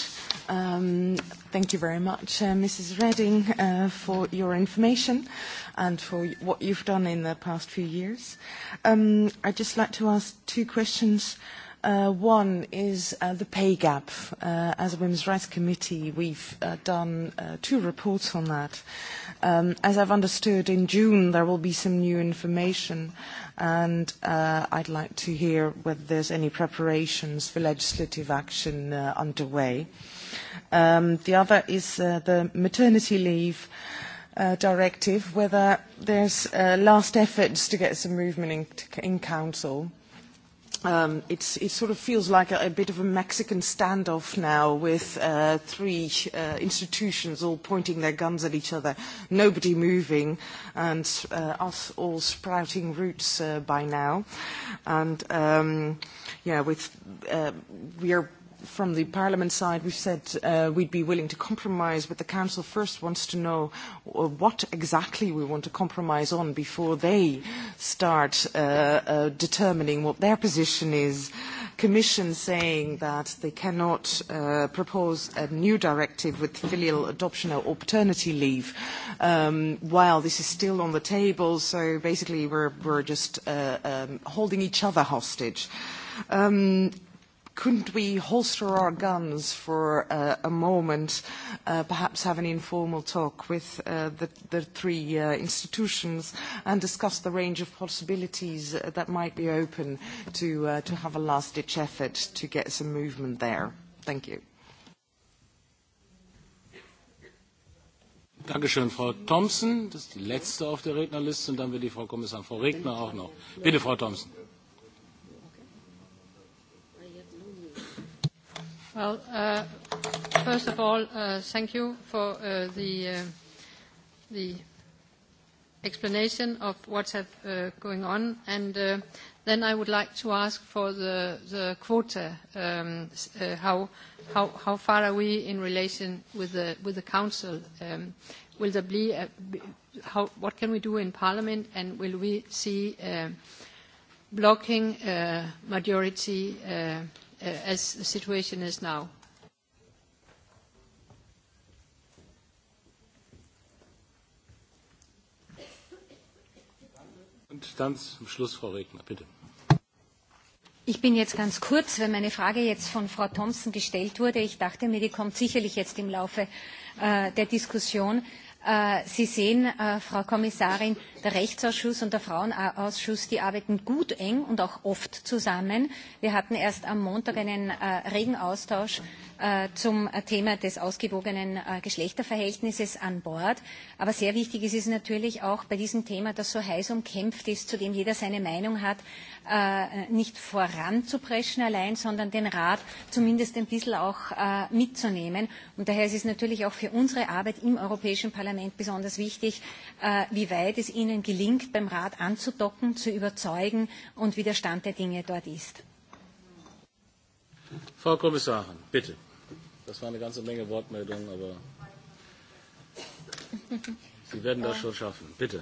Thank you very much, Mrs. Redding, for your information and for what you've done in the past few years. I'd just like to ask two questions One is the pay gap. As a Women's Rights Committee, we've done two reports on that. As I've understood, in June there will be some new information, and I'd like to hear whether there's any preparations for legislative action underway. The other is the maternity leave directive, whether there's last efforts to get some movement in council It sort of feels like a bit of a Mexican standoff now with three institutions all pointing their guns at each other, nobody moving, and us all sprouting roots by now. And yeah, with we are From the Parliament side, we've said we'd be willing to compromise, but the Council first wants to know what exactly we want to compromise on before they start determining what their position is. Commission saying that they cannot propose a new directive with filial adoption or paternity leave while this is still on the table. So basically, we're just holding each other hostage. Couldn't we holster our guns for a moment, perhaps have an informal talk with the three institutions and discuss the range of possibilities that might be open to to have a last-ditch effort to get some movement there? Thank you. Ευχαριστώ, Frau Thompson. Das ist die letzte auf der Rednerliste und dann wird die Frau Kommissarin, Frau Regner auch noch. Bitte, Frau Thompson. Well, first of all, thank you for the the explanation of what's going on, and then I would like to ask for the the quota. How how how far are we in relation with the with the council? Will there be how what can we do in Parliament, and will we see blocking majority? as the situation is now. Ich bin jetzt ganz kurz, wenn meine Frage jetzt von Frau Thompson gestellt wurde. Ich dachte mir, die kommt sicherlich jetzt im Laufe der Diskussion. Sie sehen, Frau Kommissarin, der Rechtsausschuss und der Frauenausschuss, die arbeiten gut eng und auch oft zusammen. Wir hatten erst am Montag einen regen Austausch zum Thema des ausgewogenen Geschlechterverhältnisses an Bord. Aber sehr wichtig ist es natürlich auch bei diesem Thema, das so heiß umkämpft ist, zu dem jeder seine Meinung hat, nicht voranzupreschen allein, sondern den Rat zumindest ein bisschen auch mitzunehmen. Und daher ist es natürlich auch für unsere Arbeit im Europäischen Parlament besonders wichtig, wie weit es Ihnen gelingt, beim Rat anzudocken, zu überzeugen und wie der Stand der Dinge dort ist. Frau Kommissarin, bitte. Das war eine ganze Menge Wortmeldungen, aber Sie werden das schon schaffen. Bitte.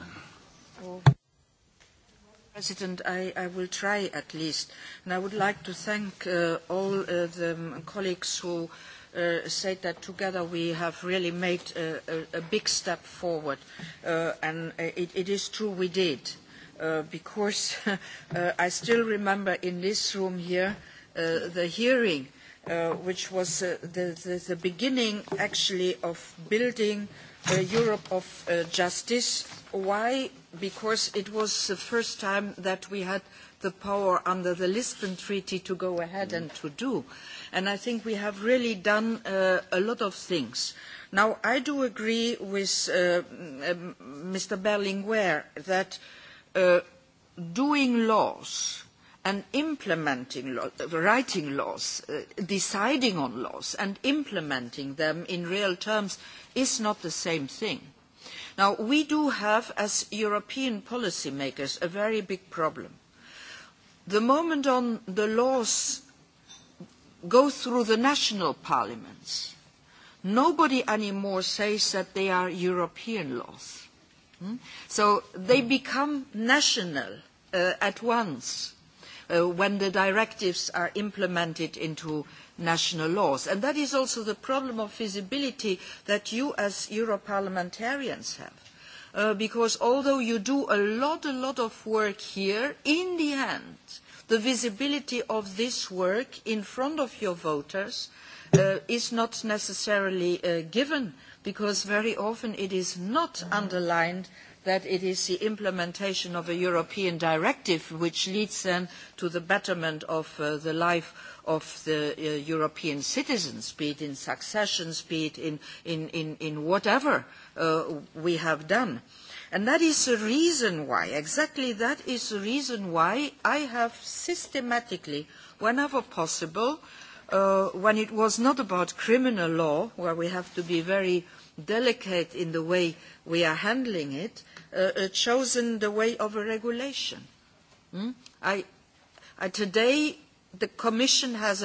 President, I, I will try at least. And I would like to thank all the colleagues who said that together we have really made a, big step forward. and it, is true we did, because I still remember in this room here the hearing which was the beginning actually of building a Europe of justice. Why? Because it was the first time that we had the power under the Lisbon Treaty to go ahead and to do. And I think we have really done a lot of things. Now, I do agree with Mr. Berlinguer that doing laws and implementing writing laws deciding on laws and implementing them in real terms is not the same thing now we do have as european policymakers a very big problem the moment on the laws go through the national parliaments nobody anymore says that they are european laws so they become national at once when the directives are implemented into national laws. And that is also the problem of visibility that you as Euro parliamentarians have. Because although you do a lot, a lot of work here, in the end, the visibility of this work in front of your voters is not necessarily given because very often it is not underlined that it is the implementation of a European directive which leads then to the betterment of the life of the European citizens, be it in succession, be it in whatever we have done. And that is the reason why, exactly that is the reason why I have systematically, whenever possible, when it was not about criminal law, where we have to be very delicate in the way we are handling it, chosen the way of a regulation. Today, the Commission has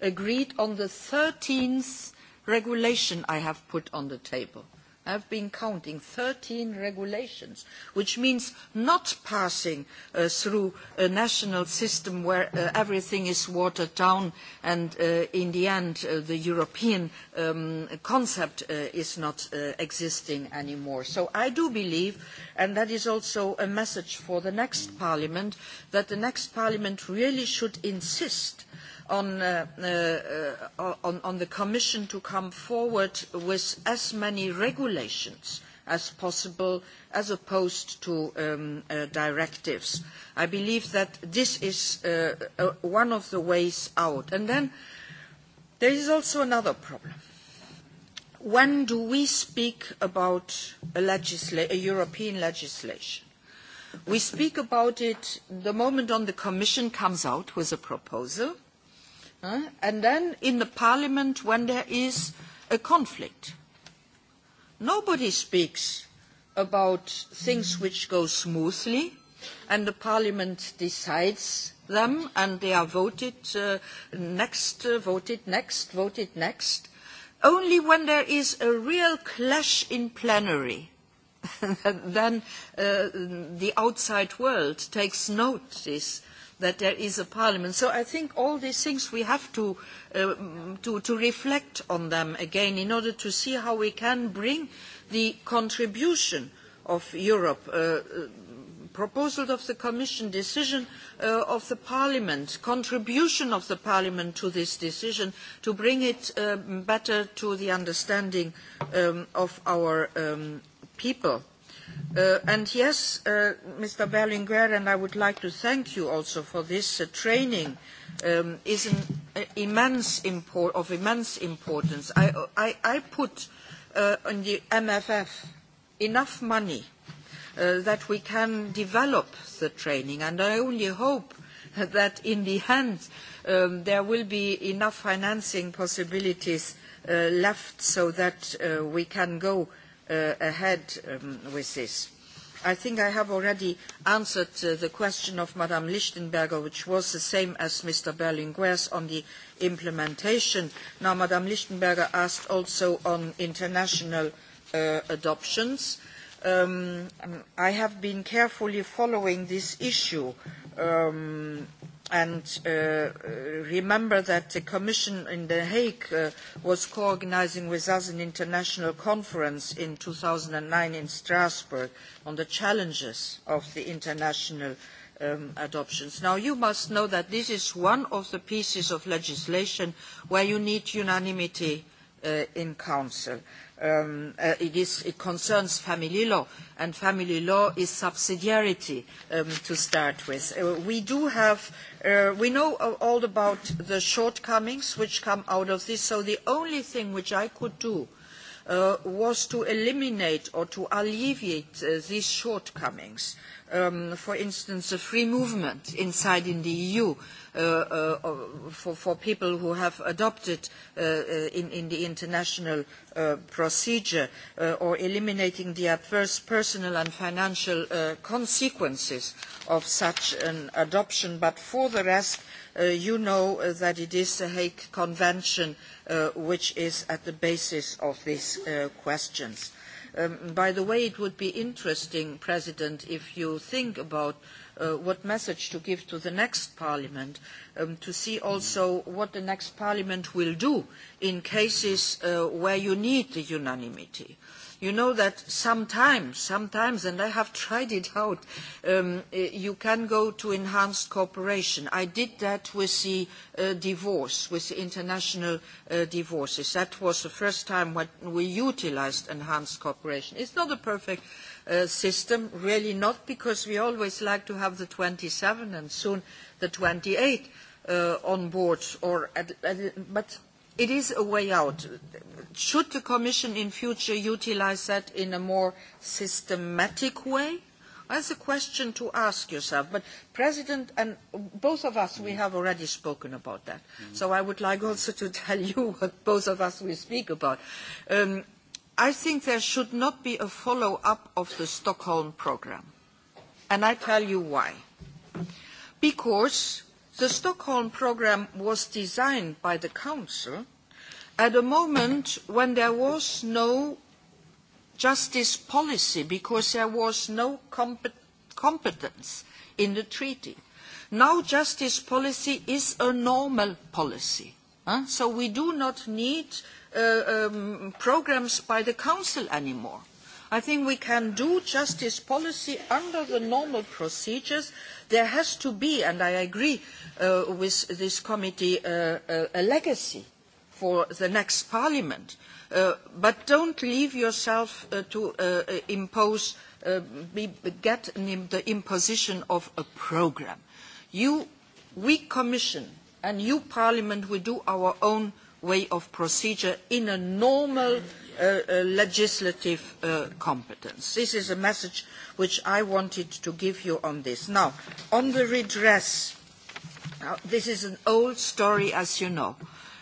agreed on the 13th regulation I have put on the table. Have been counting 13 regulations, which means not passing through a national system where everything is watered down and in the end the European concept is not existing anymore. So I do believe, and that is also a message for the next Parliament, that the next Parliament really should insist on the Commission to come forward with as many regulations as possible as opposed to directives. I believe that this is one of the ways out. And then there is also another problem. When do we speak about European legislation? We speak about it the moment the Commission comes out with a proposal and then in the parliament when there is a conflict. Nobody speaks about things which go smoothly and the parliament decides them and they are voted next, voted next, voted next. Only when there is a real clash in plenary then the outside world takes notice that there is a parliament. So I think all these things we have to reflect on them again in order to see how we can bring the contribution of Europe, proposal of the Commission, decision of the Parliament, contribution of the Parliament to this decision, to bring it better to the understanding of our people. And yes, Mr. Berlinguer, and I would like to thank you also for this training, is of immense importance. I put on the MFF enough money that we can develop the training, and I only hope that in the end there will be enough financing possibilities left so that we can go ahead with this. I think I have already answered the question of Madame Lichtenberger, which was the same as Mr. Berlinguer's on the implementation. Now, Madame Lichtenberger asked also on international adoptions. I have been carefully following this issue and remember that the commission in the hague was co-organising with us an international conference in 2009 in strasbourg on the challenges of the international adoptions. now you must know that this is one of the pieces of legislation where you need unanimity in council it concerns family law, and family law is subsidiarity to start with. We do have, we know all about the shortcomings which come out of this, so the only thing which I could do was to eliminate or to alleviate these shortcomings for instance, the free movement inside in the EU for people who have adopted in the international procedure or eliminating the adverse personal and financial consequences of such an adoption. But for the rest, you know that it is the Hague Convention which is at the basis of these questions. By the way, it would be interesting, President, if you think about what message to give to the next Parliament, to see also what the next Parliament will do in cases where you need the unanimity You know that sometimes, sometimes, and I have tried it out, you can go to enhanced cooperation. I did that with the divorce, with the international divorces. That was the first time when we utilised enhanced cooperation. It's not a perfect system, really not, because we always like to have the 27 and soon the 28 on board, but It is a way out. Should the Commission in future utilise that in a more systematic way? That's a question to ask yourself. But President and both of us, we have already spoken about that. So I would like also to tell you what both of us will speak about. I think there should not be a follow-up of the Stockholm programme. And I tell you why. Because The Stockholm programme was designed by the Council at a moment when there was no justice policy because there was no competence in the treaty. Now justice policy is a normal policy, so we do not need programmes by the Council anymore. I think we can do justice policy under the normal procedures. There has to be, and I agree with this committee, a legacy for the next parliament. But don't leave yourself to impose, get the imposition of a programme. You, we commission and you parliament, will do our own way of procedure in a normal legislative competence. This is a message which I wanted to give you on this. Now, on the redress, this is an old story, as you know,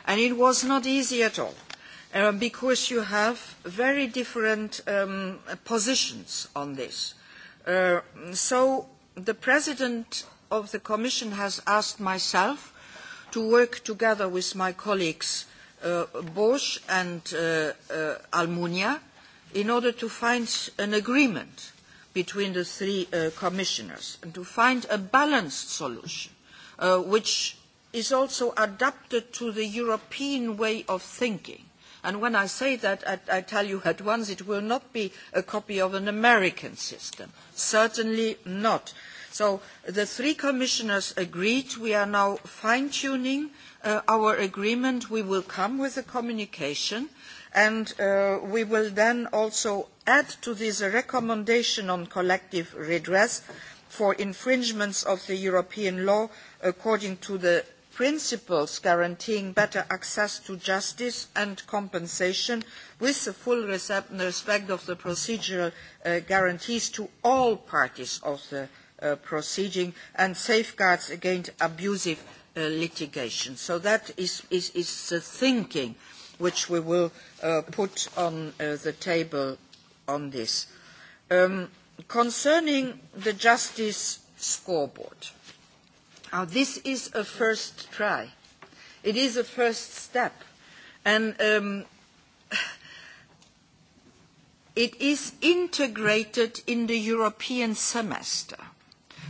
and it was not easy at all, because you have very different positions on this. So the President of the Commission has asked myself to work together with my colleagues Bosch and Almunia in order to find an agreement between the three commissioners and to find a balanced solution which is also adapted to the European way of thinking. And when I say that, I tell you at once it will not be a copy of an American system. Certainly not. So the three commissioners agreed. We are now fine-tuning our agreement, we will come with a communication and we will then also add to this a recommendation on collective redress for infringements of the European law according to the principles guaranteeing better access to justice and compensation with the full respect of the procedural guarantees to all parties of the proceeding and safeguards against abusive litigation. So that is the thinking which we will put on the table on this. Concerning the Justice Scoreboard, this is a first try. It is a first step. And it is integrated in the European semester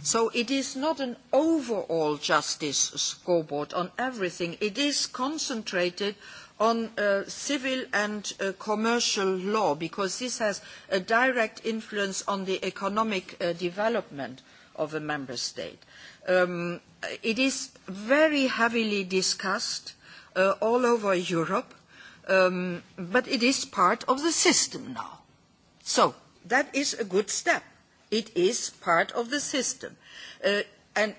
So it is not an overall justice scoreboard on everything. It is concentrated on civil and commercial law because this has a direct influence on the economic development of a member state. It is very heavily discussed all over Europe, but it is part of the system now. So that is a good step It is part of the system. And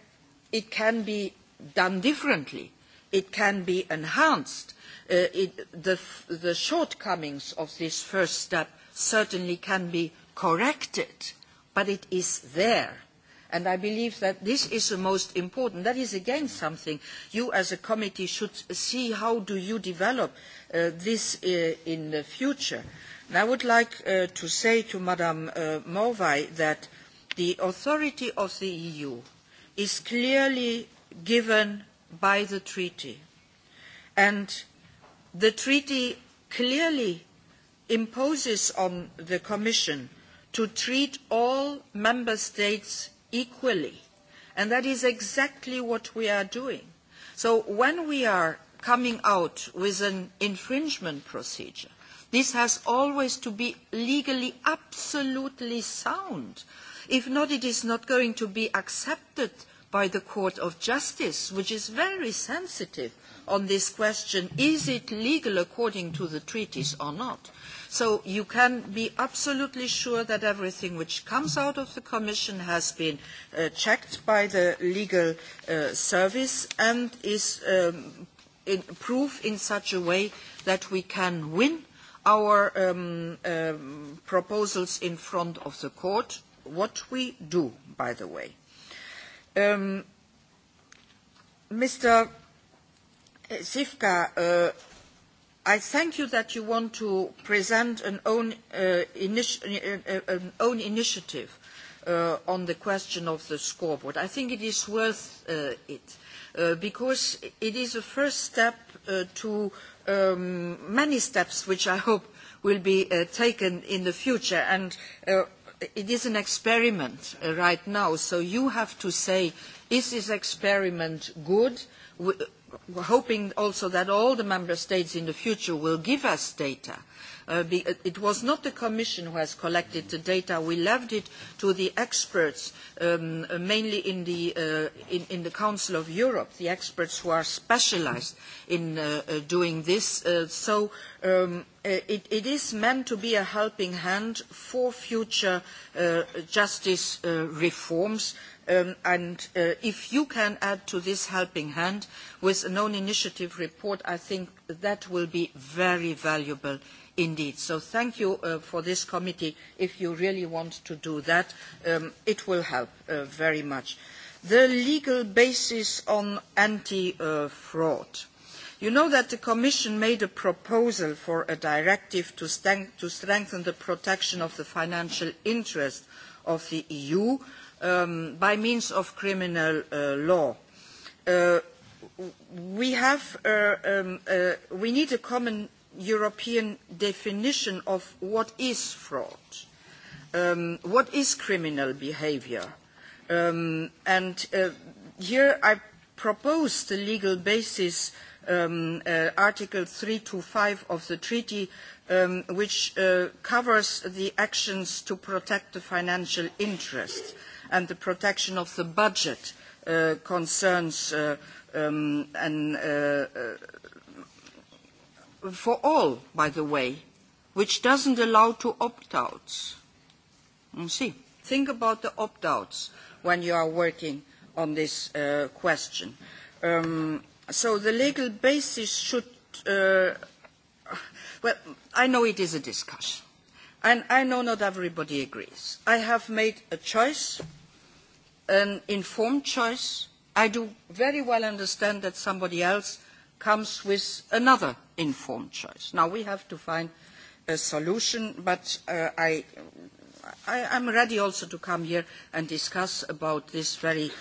it can be done differently. It can be enhanced. The shortcomings of this first step certainly can be corrected, but it is there. And I believe that this is the most important. That is again something you as a committee should see how do you develop this in the future. I would like to say to Madam Morvai that the authority of the EU is clearly given by the treaty. And the treaty clearly imposes on the Commission to treat all member states equally. And that is exactly what we are doing. So when we are coming out with an infringement procedure, This has always to be legally absolutely sound. If not, it is not going to be accepted by the Court of Justice, which is very sensitive on this question, is it legal according to the treaties or not? So you can be absolutely sure that everything which comes out of the Commission has been checked by the legal service and is proof in such a way that we can win our proposals in front of the court, what we do, by the way. Mr. Sivka, I thank you that you want to present an own initiative on the question of the scoreboard. I think it is worth it, because it is a first step to many steps which I hope will be taken in the future. And it is an experiment right now, so you have to say, is this experiment good? Hoping also that all the member states in the future will give us data It was not the Commission who has collected the data. We left it to the experts, mainly in the Council of Europe, the experts who are specialised in doing this. So it is meant to be a helping hand for future justice reforms and if you can add to this helping hand with an own initiative report i think that will be very valuable indeed. So thank you for this committee. If you really want to do that, it will help very much. The legal basis on anti-fraud. You know that the Commission made a proposal for a directive to strengthen the protection of the financial interests of the EU by means of criminal law. We need a common European definition of what is fraud, what is criminal behaviour, and here I propose the legal basis, Article to 325 of the Treaty, which covers the actions to protect the financial interests and the protection of the budget concerns and for all, by the way, which doesn't allow to opt-outs. See, think about the opt-outs when you are working on this question. So the legal basis should, well, I know it is a discussion, and I know not everybody agrees. I have made a choice, an informed choice. I do very well understand that somebody else comes with another informed choice. Now we have to find a solution, but I am ready also to come here and discuss about this very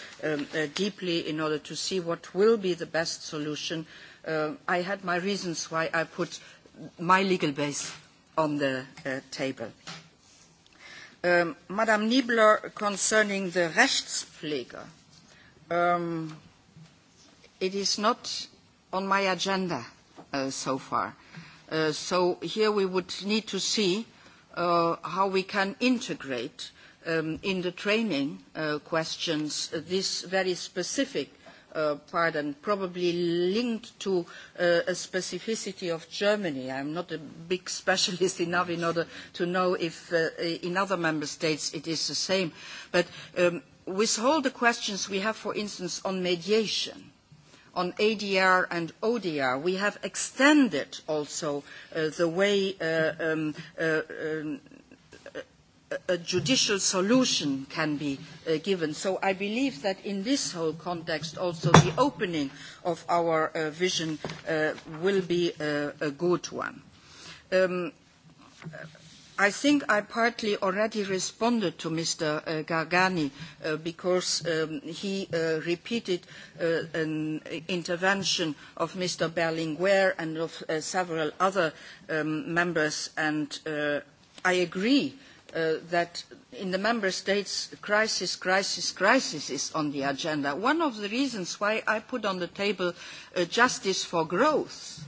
deeply in order to see what will be the best solution. I had my reasons why I put my legal base on the table. Madam Niebler, concerning the Rechtspfleger, it is not on my agenda so far. So here we would need to see how we can integrate in the training questions this very specific part and probably linked to a specificity of Germany. I am not a big specialist enough in order to know if in other member states it is the same. But with all the questions we have, for instance, on mediation, on ADR and ODR. We have extended also the way a judicial solution can be given. So I believe that in this whole context also the opening of our vision will be a good one. I think I partly already responded to Mr. Gargani because he repeated an intervention of Mr. Berlinguer and of several other members, and I agree that in the member states crisis crisis crisis is on the agenda one of the reasons why i put on the table justice for growth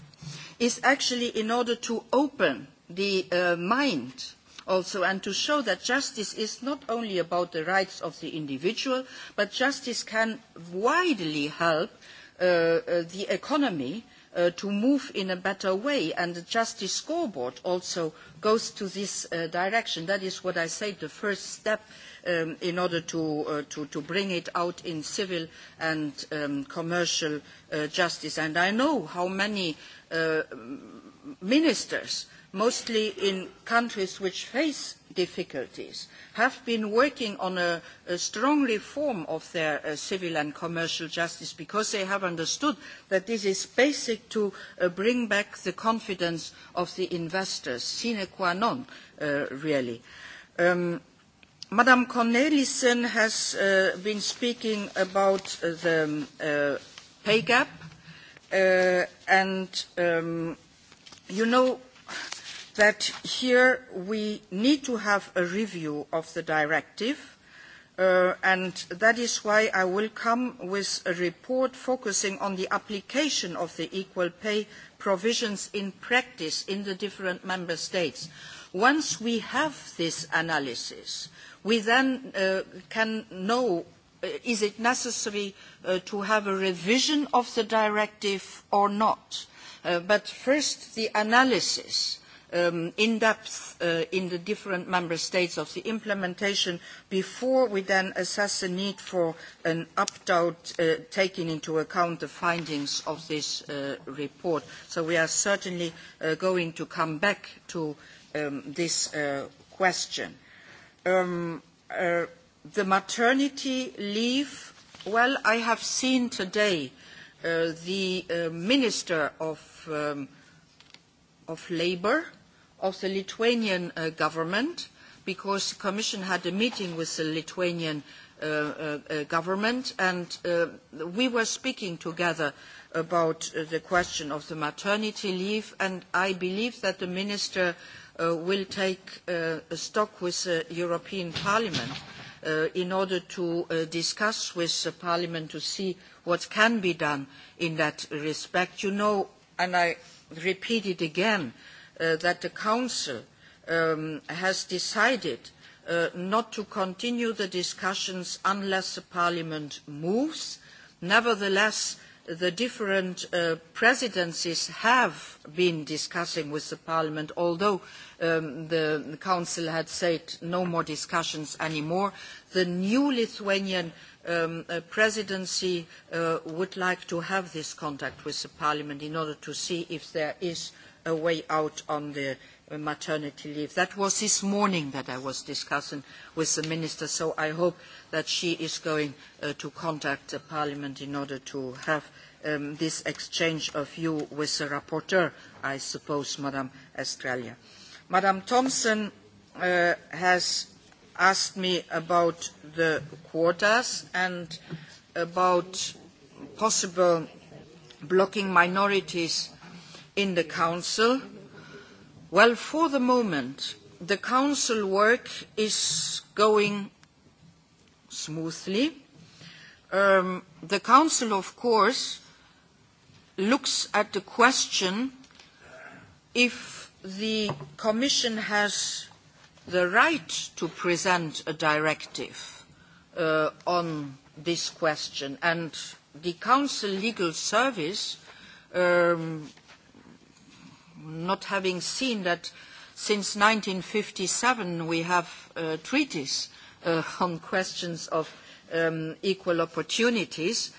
is actually in order to open the mind also and to show that justice is not only about the rights of the individual but justice can widely help the economy to move in a better way and the justice scoreboard also goes to this direction. that is what i say the first step in order to bring it out in civil and commercial justice and i know how many ministers mostly in countries which face difficulties, have been working on a strong reform of their civil and commercial justice because they have understood that this is basic to bring back the confidence of the investors, sine qua non, really. Madam Cornelissen has been speaking about the pay gap and you know that here we need to have a review of the directive and that is why I will come with a report focusing on the application of the equal pay provisions in practice in the different member states. Once we have this analysis, we then can know is it necessary to have a revision of the directive or not. But first the analysis in depth in the different member states of the implementation before we then assess the need for an opt out taking into account the findings of this report. So we are certainly going to come back to this question. The maternity leave, well, I have seen today the Minister of Labour of the Lithuanian government, because the Commission had a meeting with the Lithuanian government, and we were speaking together about the question of the maternity leave, and I believe that the Minister will take stock with the European Parliament in order to discuss with Parliament to see what can be done in that respect. You know, and I repeat it again, that the Council has decided not to continue the discussions unless Parliament moves. Nevertheless, the different presidencies have been discussing with Parliament, although the Council had said no more discussions anymore. The new Lithuanian presidency would like to have this contact with Parliament in order to see if there is a way out on the maternity leave. That was this morning that I was discussing with the Minister, so I hope that she is going to contact Parliament in order to have this exchange of view with the rapporteur, I suppose, Madam Australia. Madam Thompson has asked me about the quotas and about possible blocking minorities in the Council? Well, for the moment, the Council work is going smoothly. The Council, of course, looks at the question if the Commission has the right to present a directive on this question. And the Council Legal Service not having seen that since 1957 we have treaties on questions of equal opportunities,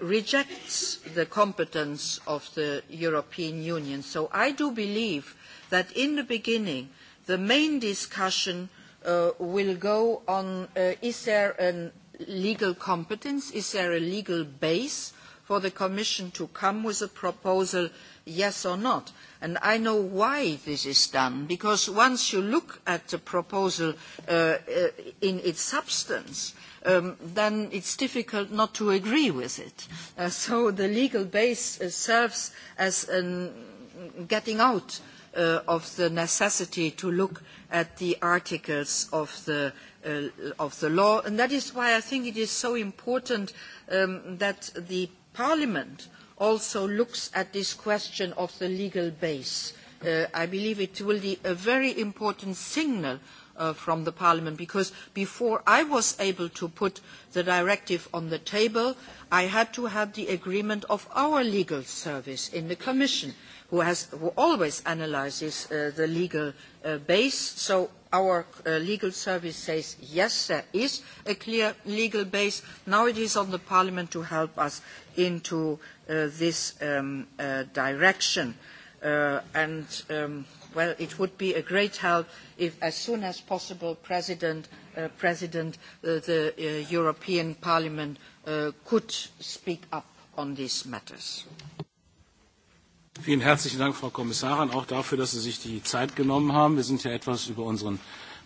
rejects the competence of the European Union. So I do believe that in the beginning the main discussion will go on is there a legal competence, is there a legal base for the Commission to come with a proposal, yes or not. And I know why this is done, because once you look at the proposal in its substance, then it's difficult not to agree with it. So the legal base serves as getting out of the necessity to look at the articles of the law. And that is why I think it is so important that the Parliament also looks at this question of the legal base. I believe it will be a very important signal from Parliament because before I was able to put the directive on the table, I had to have the agreement of our legal service in the Commission, who always analyses the legal base. So our legal service says yes there is a clear legal base. now it is on the parliament to help us into this direction and well it would be a great help if as soon as possible president the european parliament could speak up on these matters. Vielen herzlichen Dank, Frau Kommissarin, auch dafür, dass Sie sich die Zeit genommen haben. Wir sind ja etwas über unseren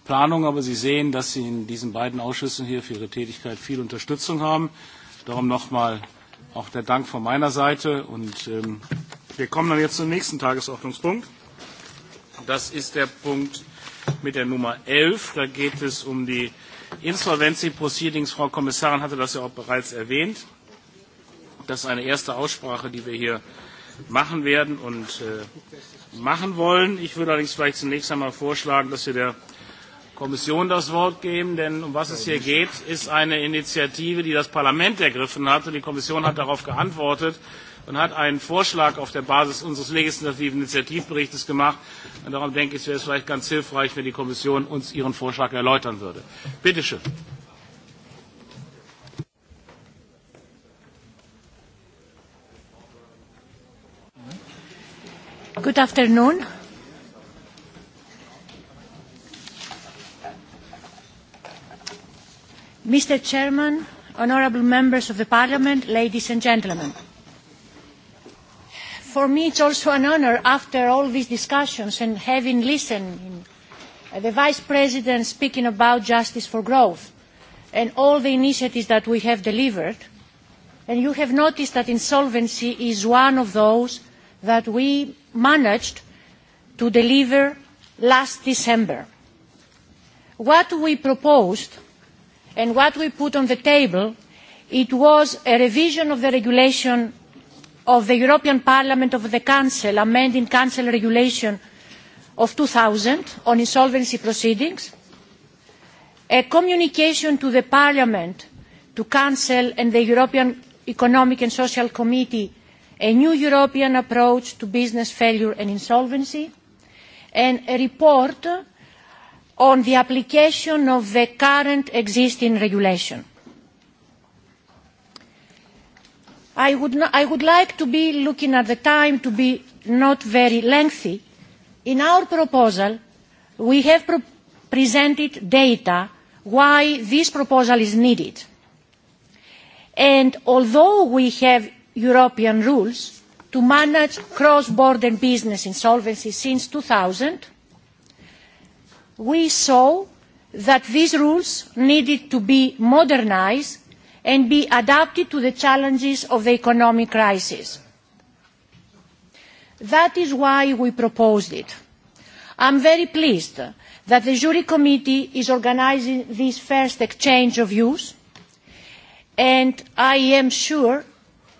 Planungen, aber Sie sehen, dass Sie in diesen beiden Ausschüssen hier für Ihre Tätigkeit viel Unterstützung haben. Darum nochmal auch der Dank von meiner Seite. Und wir kommen dann jetzt zum nächsten Tagesordnungspunkt. Das ist der Punkt mit der Nummer 11. Da geht es um die Insolvency Proceedings. Frau Kommissarin hatte das ja auch bereits erwähnt. Das ist eine erste Aussprache, die wir hier machen werden und machen wollen. Ich würde allerdings vielleicht zunächst einmal vorschlagen, dass wir der Kommission das Wort geben, denn um was es hier geht, ist eine Initiative, die das Parlament ergriffen und Die Kommission hat darauf geantwortet und hat einen Vorschlag auf der Basis unseres legislativen Initiativberichts gemacht. Und darum denke ich, wäre es vielleicht ganz hilfreich, wenn die Kommission uns ihren Vorschlag erläutern würde. Bitte schön. Good afternoon. Mr. Chairman, honorable members of the Parliament, ladies and gentlemen. For me it's also an honor after all these discussions and having listened to the Vice President speaking about justice for growth and all the initiatives that we have delivered and you have noticed that insolvency is one of those that we managed to deliver last December. What we proposed and what we put on the table, it was a revision of the regulation of the European Parliament of the Council, amending Council Regulation of 2000 on insolvency proceedings, a communication to the Parliament, to Council and the European Economic and Social Committee a new European approach to business failure and insolvency, and a report on the application of the current existing regulation. I would like to be looking at the time to be not very lengthy. In our proposal, we have presented data why this proposal is needed. And although we have European rules to manage cross-border business insolvency since 2000, we saw that these rules needed to be modernised and be adapted to the challenges of the economic crisis. That is why we proposed it. I am very pleased that the Jury Committee is organising this first exchange of views and I am sure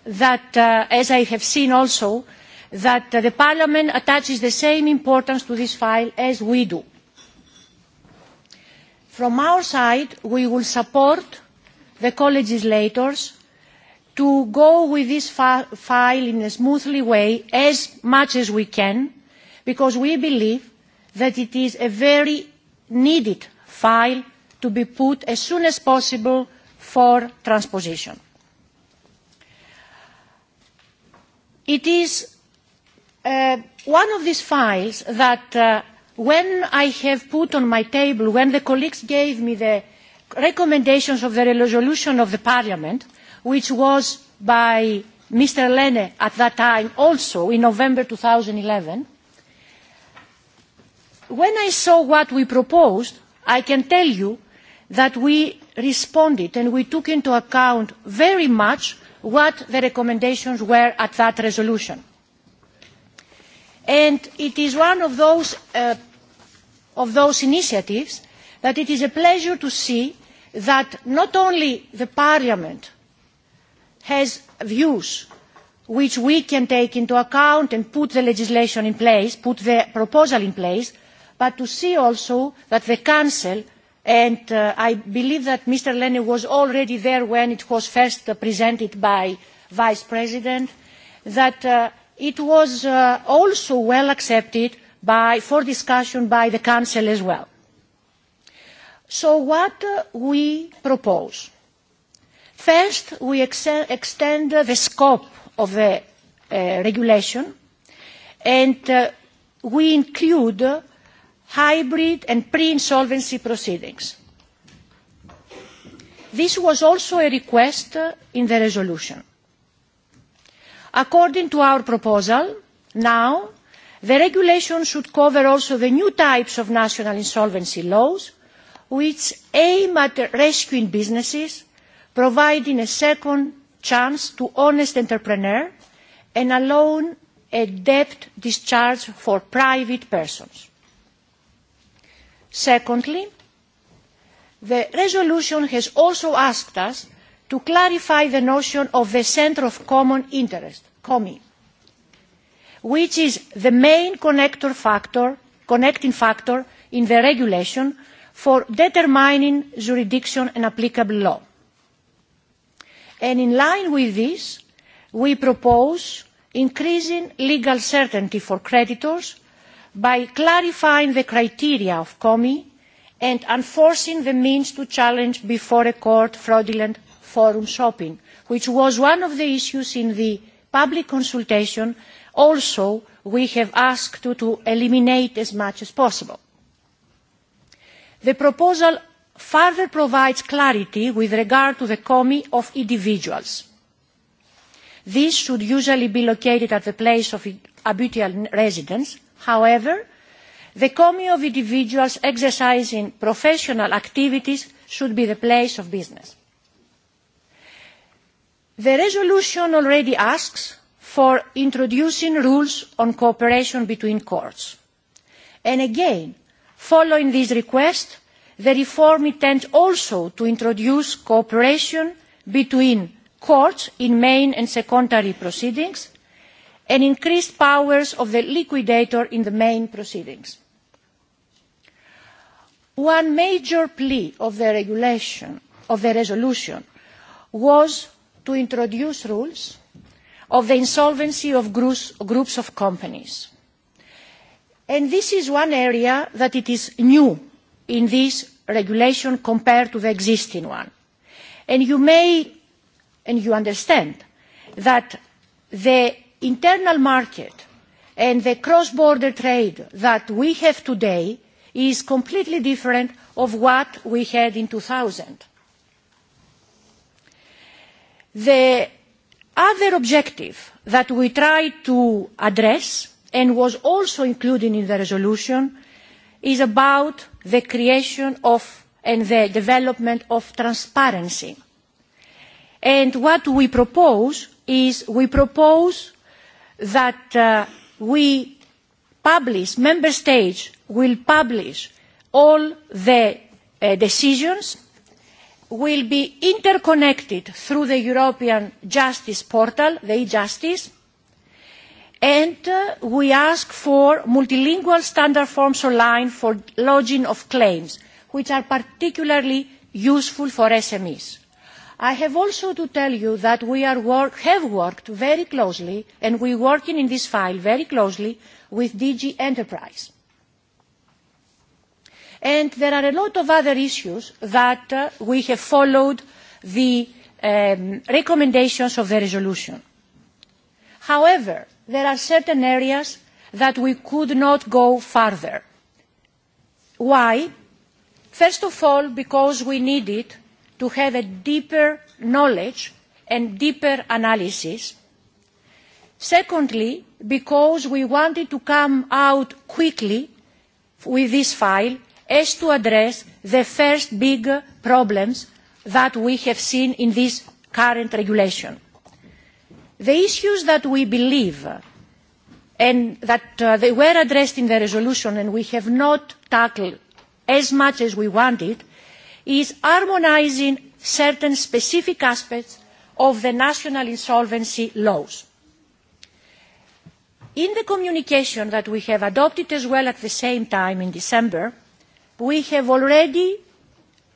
that, as I have seen also, that the Parliament attaches the same importance to this file as we do. From our side, we will support the co-legislators to go with this file in a smoothly way as much as we can, because we believe that it is a very needed file to be put as soon as possible for transposition. It is one of these files that when I have put on my table, when the colleagues gave me the recommendations of the resolution of the Parliament, which was by Mr. Lehne at that time also in November 2011, when I saw what we proposed, I can tell you that we responded and we took into account very much what the recommendations were at that resolution. it is one of those initiatives that it is a pleasure to see that not only the Parliament has views which we can take into account and put the legislation in place, put the proposal in place, but to see also that the Council and I believe that Mr. Lenny was already there when it was first presented by Vice President, that it was also well accepted for discussion by the Council as well. So what we propose? First, we extend the scope of the regulation and we include hybrid and pre-insolvency proceedings. This was also a request in the resolution. According to our proposal, now the regulation should cover also the new types of national insolvency laws which aim at rescuing businesses, providing a second chance to honest entrepreneurs and allowing a debt discharge for private persons. Secondly, the resolution has also asked us to clarify the notion of the centre of common interest, COMI, which is the main connecting factor in the regulation for determining jurisdiction and applicable law. in line with this, we propose increasing legal certainty for creditors by clarifying the criteria of comi and enforcing the means to challenge before a court fraudulent forum shopping which was one of the issues in the public consultation also we have asked to eliminate as much as possible. the proposal further provides clarity with regard to the comi of individuals. these should usually be located at the place of habitual residence However, the commune of individuals exercising professional activities should be the place of business. The resolution already asks for introducing rules on cooperation between courts. And again, following this request, the reform intends also to introduce cooperation between courts in main and secondary proceedings and increased powers of the liquidator in the main proceedings. One major plea of the regulation, of the resolution, was to introduce rules of the insolvency of groups of companies. And this is one area that it is new in this regulation compared to the existing one. And you may, and you understand, that the internal market and the cross-border trade that we have today is completely different of what we had in 2000. The other objective that we tried to address and was also included in the resolution is about the creation of and the development of transparency. And what we propose is we propose that we publish, member states will publish all the decisions, will be interconnected through the European Justice Portal, the e-Justice, and we ask for multilingual standard forms online for lodging of claims, which are particularly useful for SMEs. I have also to tell you that we have worked very closely, and we are working in this file very closely, with DG Enterprise. And there are a lot of other issues that we have followed the recommendations of the resolution. However, there are certain areas that we could not go further. Why? First of all, because we needed to have a deeper knowledge and deeper analysis. Secondly, because we wanted to come out quickly with this file as to address the first big problems that we have seen in this current regulation. The issues that we believe and that they were addressed in the resolution and we have not tackled as much as we wanted is harmonising certain specific aspects of the national insolvency laws. In the communication that we have adopted as well at the same time in December, we have already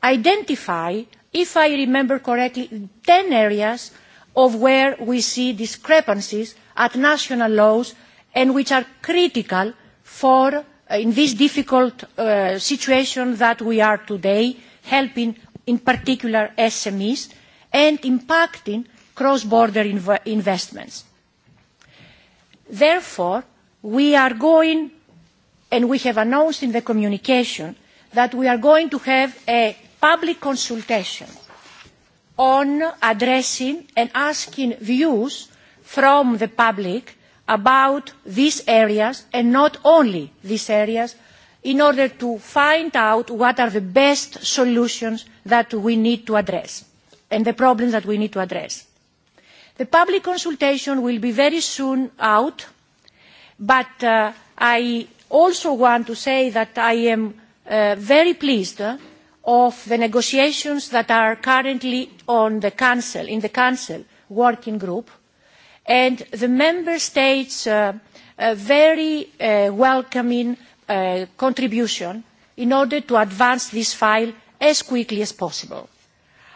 identified, if I remember correctly, 10 areas of where we see discrepancies at national laws and which are critical for in this difficult situation that we are today helping in particular SMEs and impacting cross-border investments. Therefore, we are going, and we have announced in the communication, that we are going to have a public consultation on addressing and asking views from the public about these areas, and not only these areas, in order to find out what are the best solutions that we need to address and the problems that we need to address. The public consultation will be very soon out, but I also want to say that I am very pleased of the negotiations that are currently on the Council, in the Council working group, and the Member States' very welcoming contribution in order to advance this file as quickly as possible.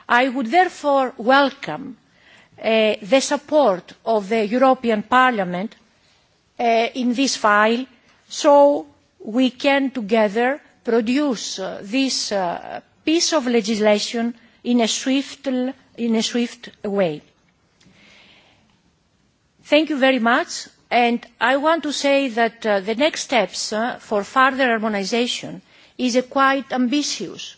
I would therefore welcome the support of the European Parliament in this file so we can together produce this piece of legislation in a swift way. Thank you very much And I want to say that the next steps for further harmonization is a quite ambitious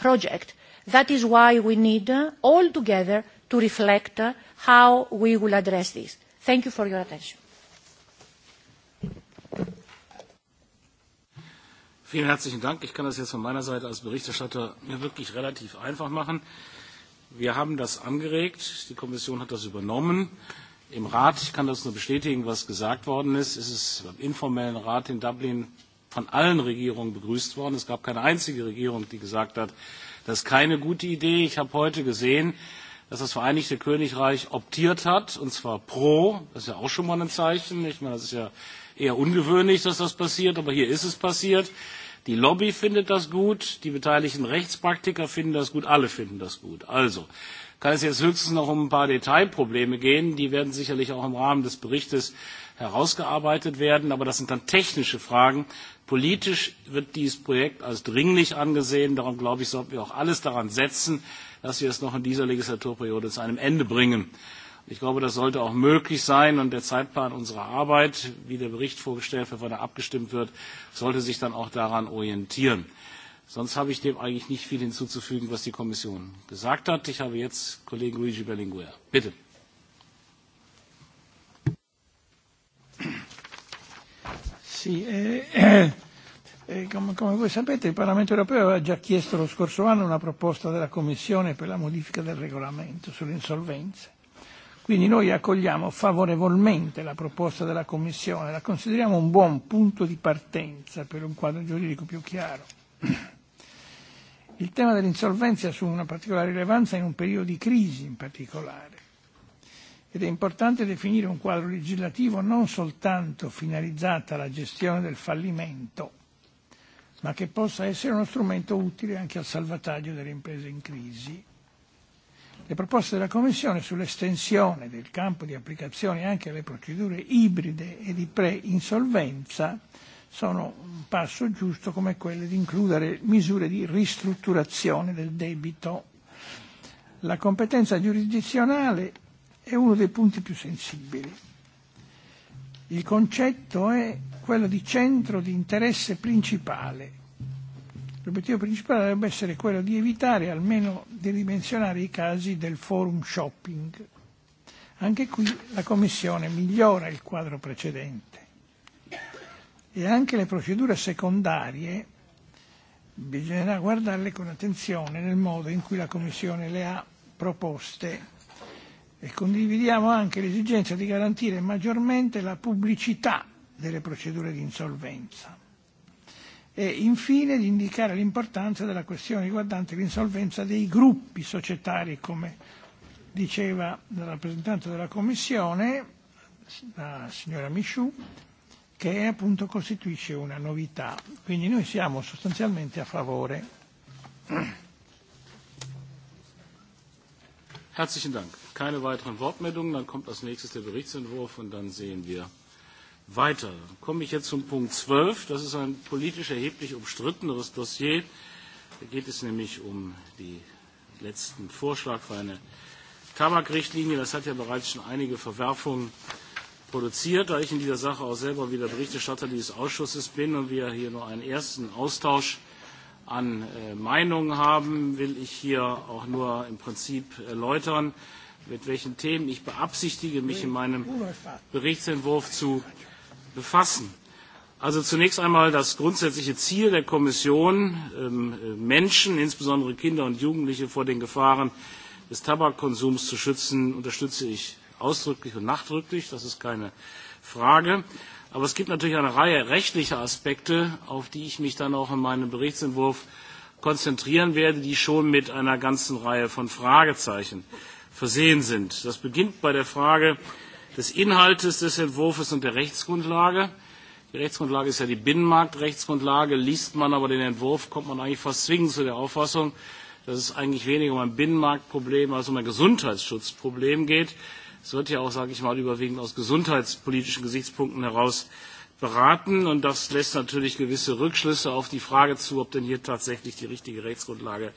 project. That is why we need all together to reflect how we will address this. Thank you for your attention. Vielen herzlichen Dank. Ich kann das jetzt von meiner Seite als Berichterstatter mir wirklich relativ einfach machen. Wir haben das angeregt. Die Kommission hat das übernommen. Im Rat, ich kann das nur bestätigen, was gesagt worden ist, ist es beim informellen Rat in Dublin von allen Regierungen begrüßt worden. Es gab keine einzige Regierung, die gesagt hat, das ist keine gute Idee. Ich habe heute gesehen, dass das Vereinigte Königreich optiert hat, und zwar pro. Das ist ja auch schon mal ein Zeichen. Ich meine, das ist ja eher ungewöhnlich, dass das passiert, aber hier ist es passiert. Die Lobby findet das gut, die beteiligten Rechtspraktiker finden das gut, alle finden das gut. Also, kann es jetzt höchstens noch um ein paar Detailprobleme gehen. Die werden sicherlich auch im Rahmen des Berichts herausgearbeitet werden. Aber das sind dann technische Fragen. Politisch wird dieses Projekt als dringlich angesehen. Darum, glaube ich, sollten wir auch alles daran setzen, dass wir es noch in dieser Legislaturperiode zu einem Ende bringen. Ich glaube, das sollte auch möglich sein. Und der Zeitplan unserer Arbeit, wie der Bericht vorgestellt wird, wenn er abgestimmt wird, sollte sich dann auch daran orientieren. Sonst habe ich dem eigentlich nicht viel hinzuzufügen, was die Kommission gesagt hat. Ich habe jetzt Kollegen Luigi Berlinguer. Bitte. Sì, come voi sapete il Parlamento europeo aveva già chiesto lo scorso anno una proposta della Commissione per la modifica del regolamento sull'insolvenza. Quindi noi accogliamo favorevolmente la proposta della Commissione, la consideriamo un buon punto di partenza per un quadro giuridico più chiaro il tema dell'insolvenza assume una particolare rilevanza in un periodo di crisi in particolare ed è importante definire un quadro legislativo non soltanto finalizzato alla gestione del fallimento, ma che possa essere uno strumento utile anche al salvataggio delle imprese in crisi. Le proposte della Commissione sull'estensione del campo di applicazione anche alle procedure ibride e di pre-insolvenza sono un passo giusto come quello di includere misure di ristrutturazione del debito. La competenza giurisdizionale è uno dei punti più sensibili. Il concetto è quello di centro di interesse principale. L'obiettivo principale dovrebbe essere quello di evitare almeno di ridimensionare i casi del forum shopping. Anche qui la Commissione migliora il quadro precedente e anche le procedure secondarie bisognerà guardarle con attenzione nel modo in cui la Commissione le ha proposte e condividiamo anche l'esigenza di garantire maggiormente la pubblicità delle procedure di insolvenza e infine di indicare l'importanza della questione riguardante l'insolvenza dei gruppi societari come diceva la rappresentante della Commissione, la signora Michoud, che appunto costituisce una novità. Quindi noi siamo sostanzialmente a favore. Herzlichen Dank. Keine weiteren Wortmeldungen. Dann kommt als nächstes der Berichtsentwurf und dann sehen wir weiter. komme ich jetzt zum Punkt 12. Das ist ein politisch erheblich umstritteneres Dossier. Da geht es nämlich um den letzten Vorschlag für eine Tabakrichtlinie. Das hat ja bereits schon einige Verwerfungen produziert, da ich in dieser Sache auch selber wieder Berichterstatter dieses Ausschusses bin und wir hier nur einen ersten Austausch an Meinungen haben, will ich hier auch nur im Prinzip erläutern, mit welchen Themen ich beabsichtige, mich in meinem Berichtsentwurf zu befassen. Also zunächst einmal das grundsätzliche Ziel der Kommission, Menschen, insbesondere Kinder und Jugendliche, vor den Gefahren des Tabakkonsums zu schützen, unterstütze ich ausdrücklich und nachdrücklich, das ist keine Frage. Aber es gibt natürlich eine Reihe rechtlicher Aspekte, auf die ich mich dann auch in meinem Berichtsentwurf konzentrieren werde, die schon mit einer ganzen Reihe von Fragezeichen versehen sind. Das beginnt bei der Frage des Inhaltes des Entwurfs und der Rechtsgrundlage. Die Rechtsgrundlage ist ja die Binnenmarktrechtsgrundlage. Liest man aber den Entwurf, kommt man eigentlich fast zwingend zu der Auffassung, dass es eigentlich weniger um ein Binnenmarktproblem als um ein Gesundheitsschutzproblem geht. Es wird ja auch, sage ich mal, überwiegend aus gesundheitspolitischen Gesichtspunkten heraus beraten. Und das lässt natürlich gewisse Rückschlüsse auf die Frage zu, ob denn hier tatsächlich die richtige Rechtsgrundlage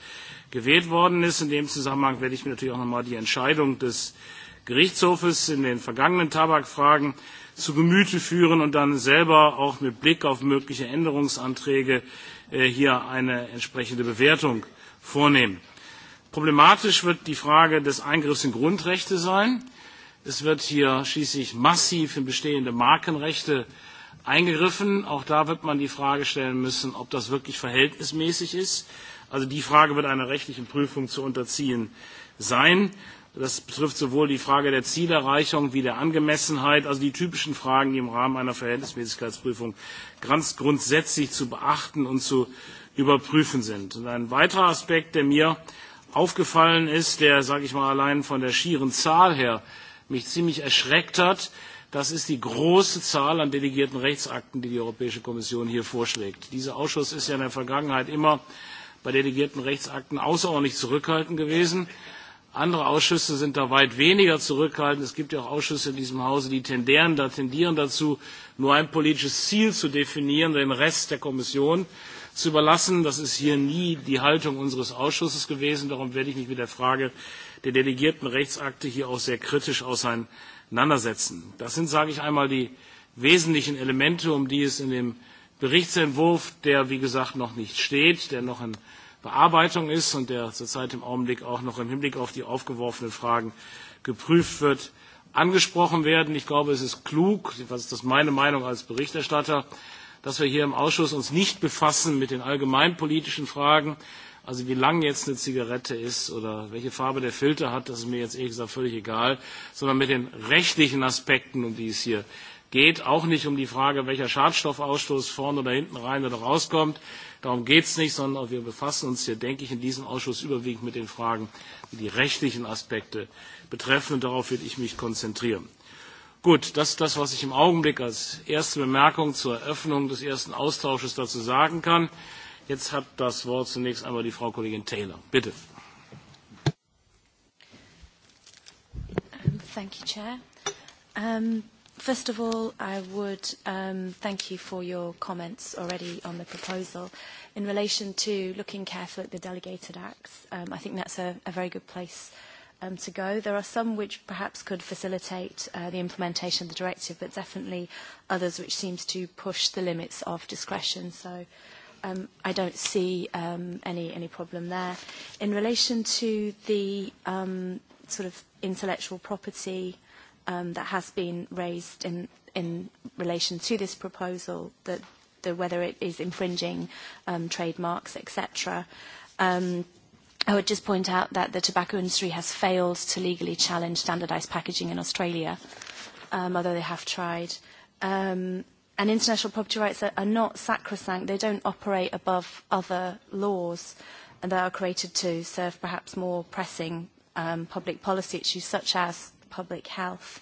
gewählt worden ist. In dem Zusammenhang werde ich mir natürlich auch noch einmal die Entscheidung des Gerichtshofes in den vergangenen Tabakfragen zu Gemüte führen und dann selber auch mit Blick auf mögliche Änderungsanträge hier eine entsprechende Bewertung vornehmen. Problematisch wird die Frage des Eingriffs in Grundrechte sein. Es wird hier schließlich massiv in bestehende Markenrechte eingegriffen. Auch da wird man die Frage stellen müssen, ob das wirklich verhältnismäßig ist. Also die Frage wird einer rechtlichen Prüfung zu unterziehen sein. Das betrifft sowohl die Frage der Zielerreichung wie der Angemessenheit, also die typischen Fragen, die im Rahmen einer Verhältnismäßigkeitsprüfung ganz grundsätzlich zu beachten und zu überprüfen sind. ein weiterer Aspekt, der mir aufgefallen ist, der, sage ich mal, allein von der schieren Zahl her mich ziemlich erschreckt hat, das ist die große Zahl an delegierten Rechtsakten, die die Europäische Kommission hier vorschlägt. Dieser Ausschuss ist ja in der Vergangenheit immer bei delegierten Rechtsakten außerordentlich zurückhaltend gewesen. Andere Ausschüsse sind da weit weniger zurückhaltend. Es gibt ja auch Ausschüsse in diesem Hause, die tendieren dazu, nur ein politisches Ziel zu definieren, den Rest der Kommission zu überlassen. Das ist hier nie die Haltung unseres Ausschusses gewesen. Darum werde ich mich mit der Frage der delegierten Rechtsakte hier auch sehr kritisch auseinandersetzen. Das sind, sage ich einmal, die wesentlichen Elemente, um die es in dem Berichtsentwurf, der, wie gesagt, noch nicht steht, der noch in Bearbeitung ist und der zurzeit im Augenblick auch noch im Hinblick auf die aufgeworfenen Fragen geprüft wird, angesprochen werden. Ich glaube, es ist klug, was ist das meine Meinung als Berichterstatter, dass wir hier im Ausschuss uns nicht befassen mit den allgemeinpolitischen Fragen, Also wie lang jetzt eine Zigarette ist oder welche Farbe der Filter hat, das ist mir jetzt ehrlich gesagt völlig egal, sondern mit den rechtlichen Aspekten, um die es hier geht, auch nicht um die Frage, welcher Schadstoffausstoß vorne oder hinten rein oder rauskommt. Darum geht es nicht, sondern wir befassen uns hier, denke ich, in diesem Ausschuss überwiegend mit den Fragen, die die rechtlichen Aspekte betreffen. Und darauf werde ich mich konzentrieren. Gut, das ist das, was ich im Augenblick als erste Bemerkung zur Eröffnung des ersten Austausches dazu sagen kann. Jetzt hat das Wort zunächst einmal die Frau Kollegin Taylor. Bitte. Thank you, Chair. first of all, I would um, thank you for your comments already on the proposal. In relation to looking carefully at the delegated acts, um, I think that's a, a very good place um, to go. There are some which perhaps could facilitate the implementation of the directive, but definitely others which seem to push the limits of discretion. So I don't see any any problem there. In relation to the sort of intellectual property that has been raised in in relation to this proposal, that the whether it is infringing trademarks, etc. I would just point out that the tobacco industry has failed to legally challenge standardised packaging in Australia, although they have tried. Um and international property rights are not sacrosanct. They don't operate above other laws and they are created to serve perhaps more pressing public policy issues such as public health.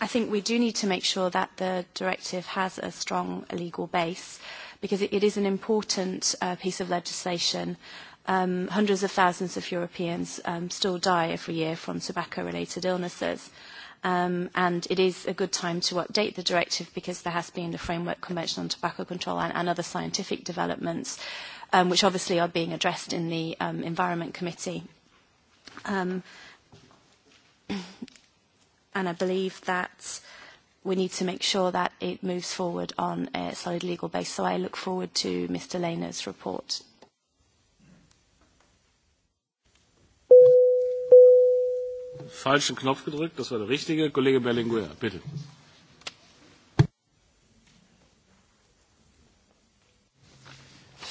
I think we do need to make sure that the directive has a strong legal base because it is an important piece of legislation. Hundreds of thousands of Europeans still die every year from tobacco-related illnesses and it is a good time to update the directive because there has been the Framework Convention on Tobacco Control and other scientific developments, which obviously are being addressed in the Environment Committee. And I believe that we need to make sure that it moves forward on a solid legal base. So I look forward to Mr. Lehner's report. falschen Knopf gedrückt. Das war der richtige.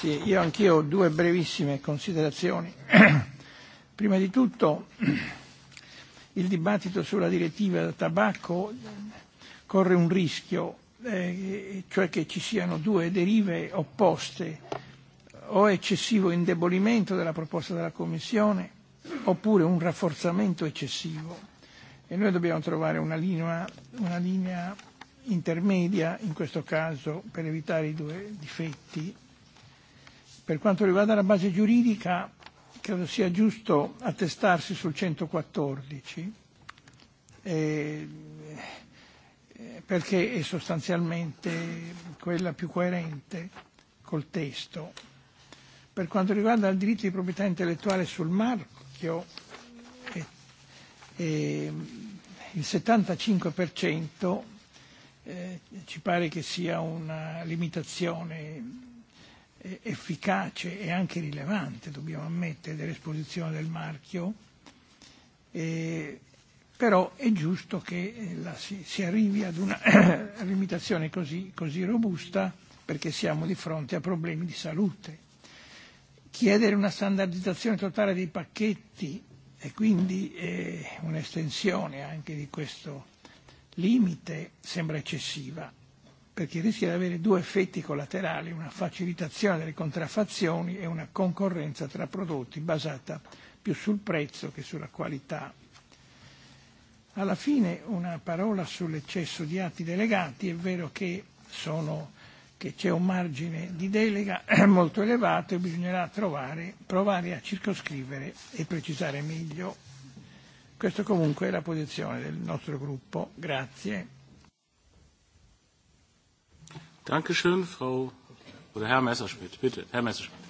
io anch'io ho due brevissime considerazioni. Prima di tutto il dibattito sulla direttiva del tabacco corre un rischio, cioè che ci siano due derive opposte o eccessivo indebolimento della proposta della Commissione oppure un rafforzamento eccessivo e noi dobbiamo trovare una linea, una linea intermedia in questo caso per evitare i due difetti. Per quanto riguarda la base giuridica credo sia giusto attestarsi sul 114 perché è sostanzialmente quella più coerente col testo. Per quanto riguarda il diritto di proprietà intellettuale sul marco il 75% ci pare che sia una limitazione efficace e anche rilevante, dobbiamo ammettere, dell'esposizione del marchio, però è giusto che si arrivi ad una limitazione così robusta perché siamo di fronte a problemi di salute chiedere una standardizzazione totale dei pacchetti e quindi un'estensione anche di questo limite sembra eccessiva perché rischia di avere due effetti collaterali, una facilitazione delle contraffazioni e una concorrenza tra prodotti basata più sul prezzo che sulla qualità. Alla fine una parola sull'eccesso di atti delegati, è vero che sono che c'è un margine di delega molto elevato e bisognerà trovare, provare a circoscrivere e precisare meglio. Questa comunque è la posizione del nostro gruppo. Grazie. Dankeschön, Frau oder Herr Messerschmidt. Bitte, Herr Messerschmidt.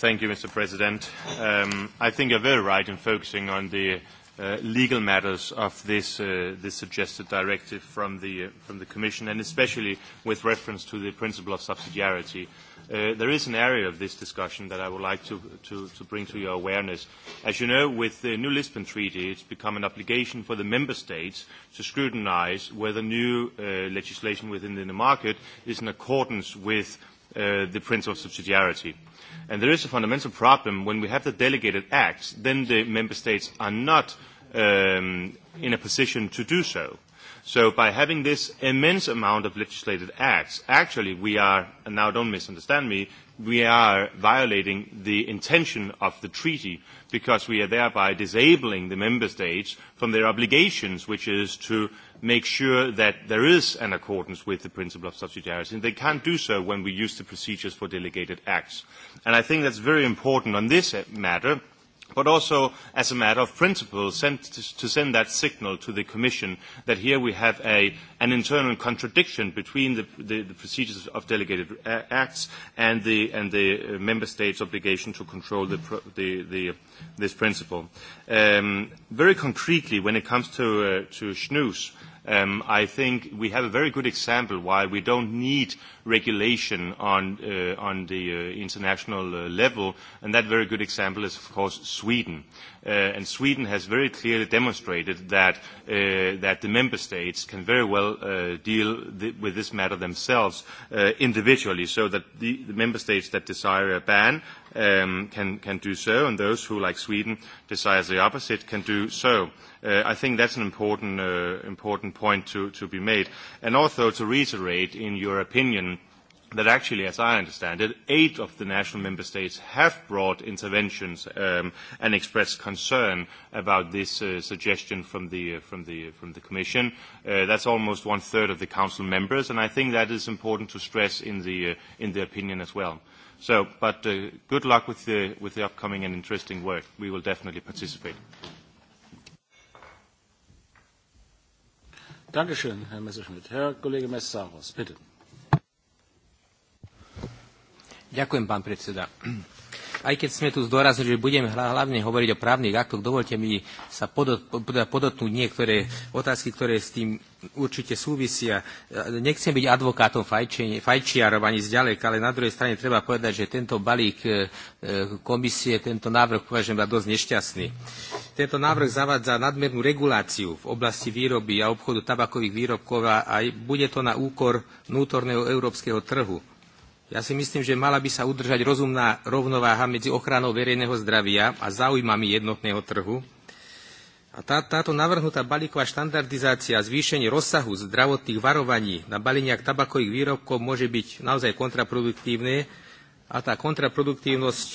Thank you, Mr. President. Um, I think you're very right in focusing on the legal matters of this suggested directive from the Commission, and especially with reference to the principle of subsidiarity. There is an area of this discussion that I would like to bring to your awareness. As you know, with the new Lisbon Treaty, it's become an obligation for the member states to scrutinize whether new legislation within the market is in accordance with the principle of subsidiarity. And there is a fundamental problem when we have the delegated acts, then the member states are not in a position to do so. So by having this immense amount of legislated acts, actually we are, and now don't misunderstand me, we are violating the intention of the treaty because we are thereby disabling the member states from their obligations, which is to make sure that there is an accordance with the principle of subsidiarity. And they can't do so when we use the procedures for delegated acts. And I think that's very important on this matter but also as a matter of principle to send that signal to the Commission that here we have an internal contradiction between the procedures of delegated acts and the Member States' obligation to control this principle. Very concretely, when it comes to snus, I think we have a very good example why we don't need regulation on the international level, and that very good example is, of course, Sweden. And Sweden has very clearly demonstrated that the member states can very well deal with this matter themselves individually, so that the member states that desire a ban can do so, and those who, like Sweden, desire the opposite can do so. I think that's an important point to be made. And also to reiterate, in your opinion, that actually, as I understand it, eight of the national member states have brought interventions and expressed concern about this suggestion from the from the from the Commission. That's almost one third of the Council members, and I think that is important to stress in the in the opinion as well. So, but good luck with the with the upcoming and interesting work. We will definitely participate. schön, Herr Messerschmidt. Herr Kollege Messaros, bitte. Ďakujem, pán predseda aj keď sme tu zdôrazili, že budeme hlavne hovoriť o právnych aktoch, dovolte mi sa podotnúť niektoré otázky, ktoré s tým určite súvisia. Nechcem byť advokátom fajčiarov ani zďalek, ale na druhej strane treba povedať, že tento balík komisie, tento návrh považujem za dosť nešťastný. Tento návrh zavádza nadmernú reguláciu v oblasti výroby a obchodu tabakových výrobkov a bude to na úkor vnútorného európskeho trhu Ja si myslím, že mala by sa udržať rozumná rovnováha medzi ochranou verejného zdravia a záujmami jednotného trhu. A tá, táto navrhnutá balíková štandardizácia a zvýšenie rozsahu zdravotných varovaní na baleniach tabakových výrobkov môže byť naozaj kontraproduktívne a tá kontraproduktívnosť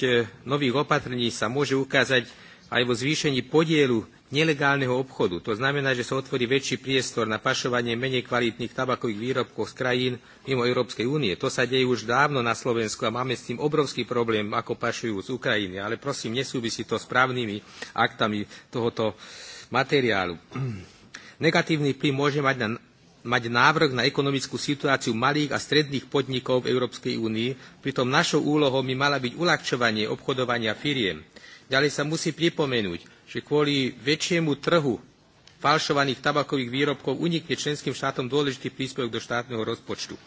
nových opatrení sa môže ukázať aj vo zvýšení podielu nelegálneho obchodu. To znamená, že sa otvorí väčší priestor na pašovanie menej kvalitných tabakových výrobkov z krajín mimo Európskej únie. To sa deje už dávno na Slovensku a máme s tým obrovský problém, ako pašujú z Ukrajiny. Ale prosím, nesúvisí to s právnymi aktami tohoto materiálu. Negatívny vplyv môže mať na mať návrh na ekonomickú situáciu malých a stredných podnikov v Európskej únii, pritom našou úlohou by mala byť uľahčovanie obchodovania firiem. Ďalej sa musí pripomenúť, že kvôli väčšiemu trhu falšovaných tabakových výrobkov unikne členským štátom dôležitý príspevok do štátneho rozpočtu. V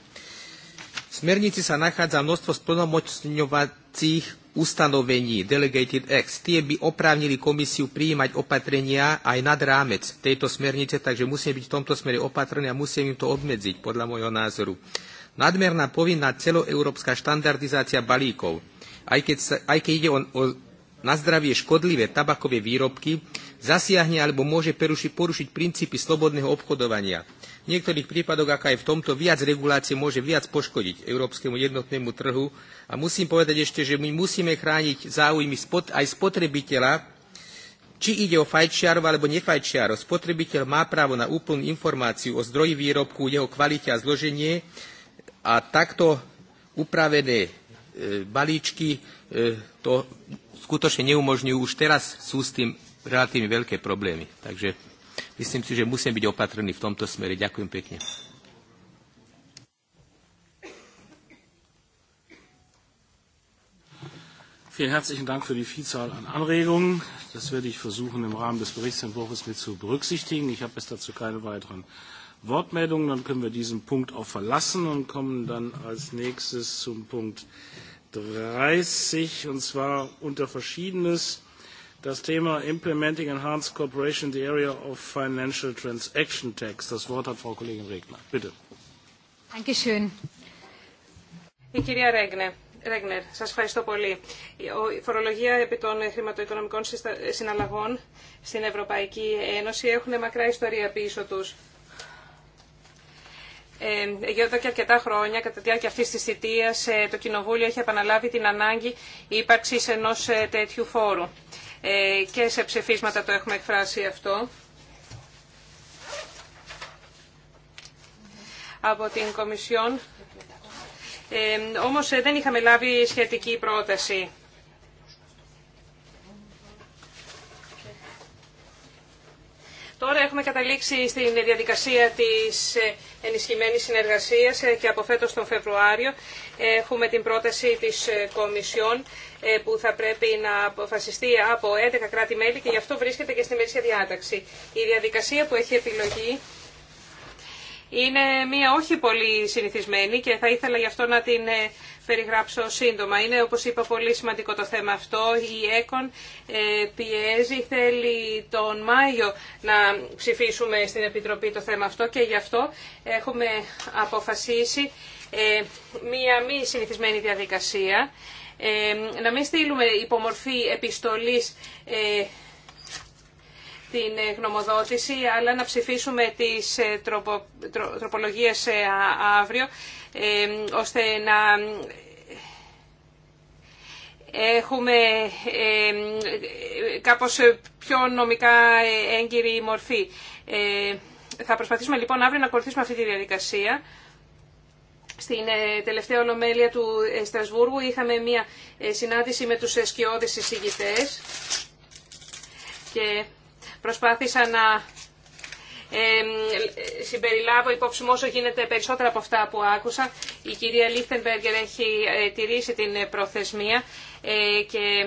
smernici sa nachádza množstvo splnomocňovacích ustanovení Delegated Acts. Tie by oprávnili komisiu prijímať opatrenia aj nad rámec tejto smernice, takže musíme byť v tomto smere opatrní a musíme im to obmedziť, podľa môjho názoru. Nadmerná povinná celoeurópska štandardizácia balíkov, aj keď, aj keď ide o na zdravie škodlivé tabakové výrobky zasiahne alebo môže porušiť princípy slobodného obchodovania. V niektorých prípadoch, ako aj v tomto, viac regulácie môže viac poškodiť európskemu jednotnému trhu. A musím povedať ešte, že my musíme chrániť záujmy aj spotrebiteľa, či ide o fajčiarov alebo nefajčiarov. Spotrebiteľ má právo na úplnú informáciu o zdroji výrobku, jeho kvalite a zloženie a takto upravené balíčky to skutočne neumožňujú už teraz sú s tým relatívne veľké problémy. Takže myslím si, že musím byť opatrný v tomto smere. Ďakujem pekne. Vielen herzlichen Dank für die Vielzahl an Anregungen. Das werde ich versuchen, im Rahmen des Berichtsentwurfs mit zu berücksichtigen. Ich habe bis dazu keine weiteren Wortmeldungen. Dann können wir diesen Punkt auch verlassen und kommen dann als nächstes zum Punkt 30, und zwar unter Verschiedenes, das Thema Implementing Enhanced Cooperation in the Area of Financial Transaction Tax. Das Wort hat Frau Kollegin Regner. Bitte. Dankeschön. Η κυρία regner Ρέγνερ, σας ευχαριστώ πολύ. Η φορολογία επί των χρηματοοικονομικών συναλλαγών στην Ευρωπαϊκή Ένωση έχουν μακρά ιστορία πίσω τους. Ε, εδώ και αρκετά χρόνια, κατά τη διάρκεια αυτής της θητείας, ε, το Κοινοβούλιο έχει επαναλάβει την ανάγκη ύπαρξη ενός ε, τέτοιου φόρου. Και σε ψηφίσματα το έχουμε εκφράσει αυτό. Από την Κομισιόν. Όμως δεν είχαμε λάβει σχετική πρόταση. Τώρα έχουμε καταλήξει στην διαδικασία της ενισχυμένης συνεργασίας και από φέτος τον Φεβρουάριο έχουμε την πρόταση της Κομισιόν ε, που θα πρέπει να αποφασιστεί από 11 κράτη-μέλη και γι' αυτό βρίσκεται και στη μέση διάταξη. Η διαδικασία που έχει επιλογή είναι μία όχι πολύ συνηθισμένη και θα ήθελα γι' αυτό να την ε, περιγράψω σύντομα. Είναι, όπως είπα, πολύ σημαντικό το θέμα αυτό. Η ΕΚΟΝ ε, πιέζει, θέλει τον Μάιο να ψηφίσουμε στην Επιτροπή το θέμα αυτό και γι' αυτό έχουμε αποφασίσει ε, μία μη συνηθισμένη διαδικασία. Ε, να μην στείλουμε υπομορφή επιστολής την γνωμοδότηση, αλλά να ψηφίσουμε τις τροπο, τροπολογίες αύριο ώστε να έχουμε κάπως πιο νομικά έγκυρη μορφή. Θα προσπαθήσουμε λοιπόν αύριο να ακολουθήσουμε αυτή τη διαδικασία. Στην ε, τελευταία ολομέλεια του ε, Στρασβούργου είχαμε μία ε, συνάντηση με τους σκιώδεις εισηγητές και προσπάθησα να συμπεριλάβω υπόψη μου όσο γίνεται περισσότερα από αυτά που άκουσα. Η κυρία Λίχτενμπεργκερ έχει ε, τηρήσει την ε, προθεσμία ε, και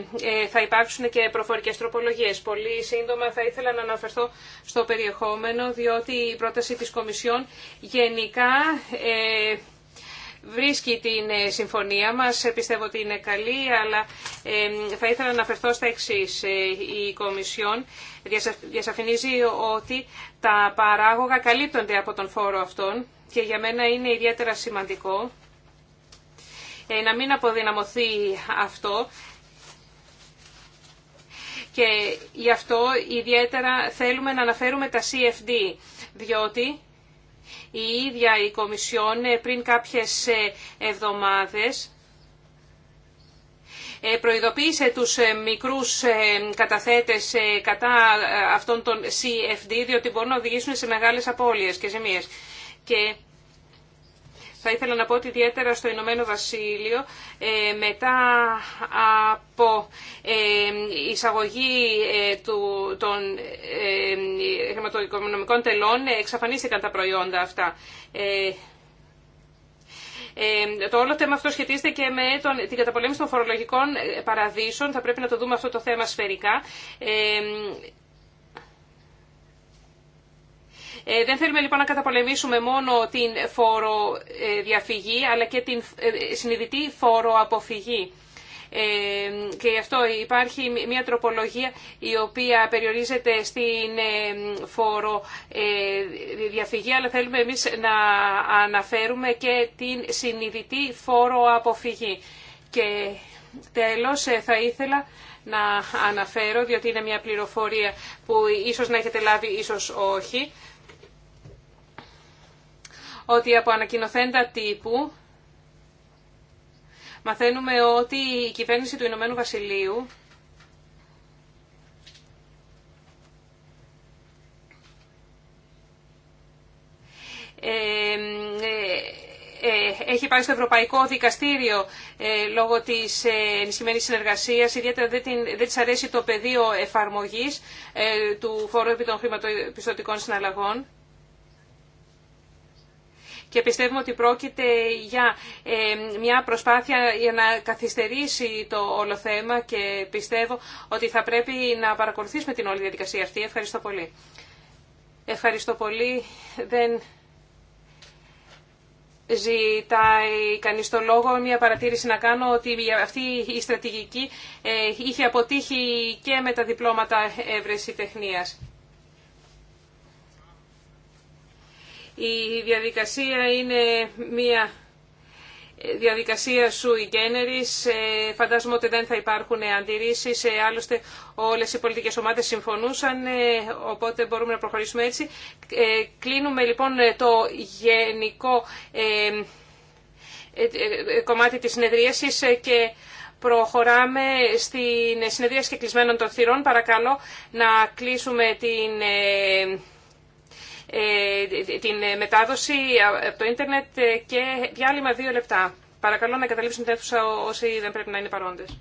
θα υπάρξουν και προφορικές τροπολογίες. Πολύ σύντομα θα ήθελα να αναφερθώ στο περιεχόμενο, διότι η πρόταση της Κομισιόν γενικά βρίσκει την συμφωνία μας, πιστεύω ότι είναι καλή, αλλά θα ήθελα να αναφερθώ στα εξής. Η Κομισιόν διασαφηνίζει ότι τα παράγωγα καλύπτονται από τον φόρο αυτόν και για μένα είναι ιδιαίτερα σημαντικό ε, να μην αποδυναμωθεί αυτό και γι' αυτό ιδιαίτερα θέλουμε να αναφέρουμε τα CFD, διότι η ίδια η Κομισιόν ε, πριν κάποιες ε, εβδομάδες ε, προειδοποίησε τους ε, μικρούς ε, καταθέτες κατά αυτών των CFD, διότι μπορούν να οδηγήσουν σε μεγάλες απώλειες και ζημίες. Και θα ήθελα να πω ότι ιδιαίτερα στο Ηνωμένο Βασίλειο μετά από εισαγωγή του, των χρηματοοικονομικών τελών εξαφανίστηκαν τα προϊόντα αυτά το όλο θέμα αυτό σχετίζεται και με τον, την καταπολέμηση των φορολογικών ε, παραδείσων. Θα πρέπει να το δούμε αυτό το θέμα σφαιρικά. Ε, δεν θέλουμε λοιπόν να καταπολεμήσουμε μόνο την φοροδιαφυγή, αλλά και την ε, ε, συνειδητή φοροαποφυγή και γι' αυτό υπάρχει μια τροπολογία η οποία περιορίζεται στην φόρο ε, διαφυγή, αλλά θέλουμε εμείς να αναφέρουμε και την συνειδητή φόρο αποφυγή. Και τέλος ε, θα ήθελα να αναφέρω, διότι είναι μια πληροφορία που ίσως να έχετε λάβει, ίσως όχι, ότι από ανακοινοθέντα τύπου μαθαίνουμε ότι η κυβέρνηση του Ηνωμένου Βασιλείου ε, ε, έχει πάει στο Ευρωπαϊκό Δικαστήριο ε, λόγω της ενισχυμένης συνεργασίας. Ιδιαίτερα δεν, την, δεν της αρέσει το πεδίο εφαρμογής του φόρου επί των χρηματοπιστωτικών συναλλαγών και πιστεύουμε ότι πρόκειται για ε, μια προσπάθεια για να καθυστερήσει το όλο θέμα και πιστεύω ότι θα πρέπει να παρακολουθήσουμε την όλη διαδικασία αυτή. Ευχαριστώ πολύ. Ευχαριστώ πολύ. Δεν ζητάει κανείς το λόγο. Μια παρατήρηση να κάνω ότι αυτή η στρατηγική ε, είχε αποτύχει και με τα διπλώματα έβρεση τεχνίας. Η διαδικασία είναι μια διαδικασία σου generis. Ε, φαντάζομαι ότι δεν θα υπάρχουν αντιρρήσεις. Ε, άλλωστε όλες οι πολιτικές ομάδες συμφωνούσαν, ε, οπότε μπορούμε να προχωρήσουμε έτσι. Κλείνουμε λοιπόν το γενικό κομμάτι της συνεδρίασης και προχωράμε στην συνεδρίαση και των θυρών. Παρακαλώ να κλείσουμε την ε, την ε, μετάδοση από το ίντερνετ ε, και διάλειμμα δύο λεπτά. Παρακαλώ να καταλήψουν την αίθουσα όσοι δεν πρέπει να είναι παρόντες.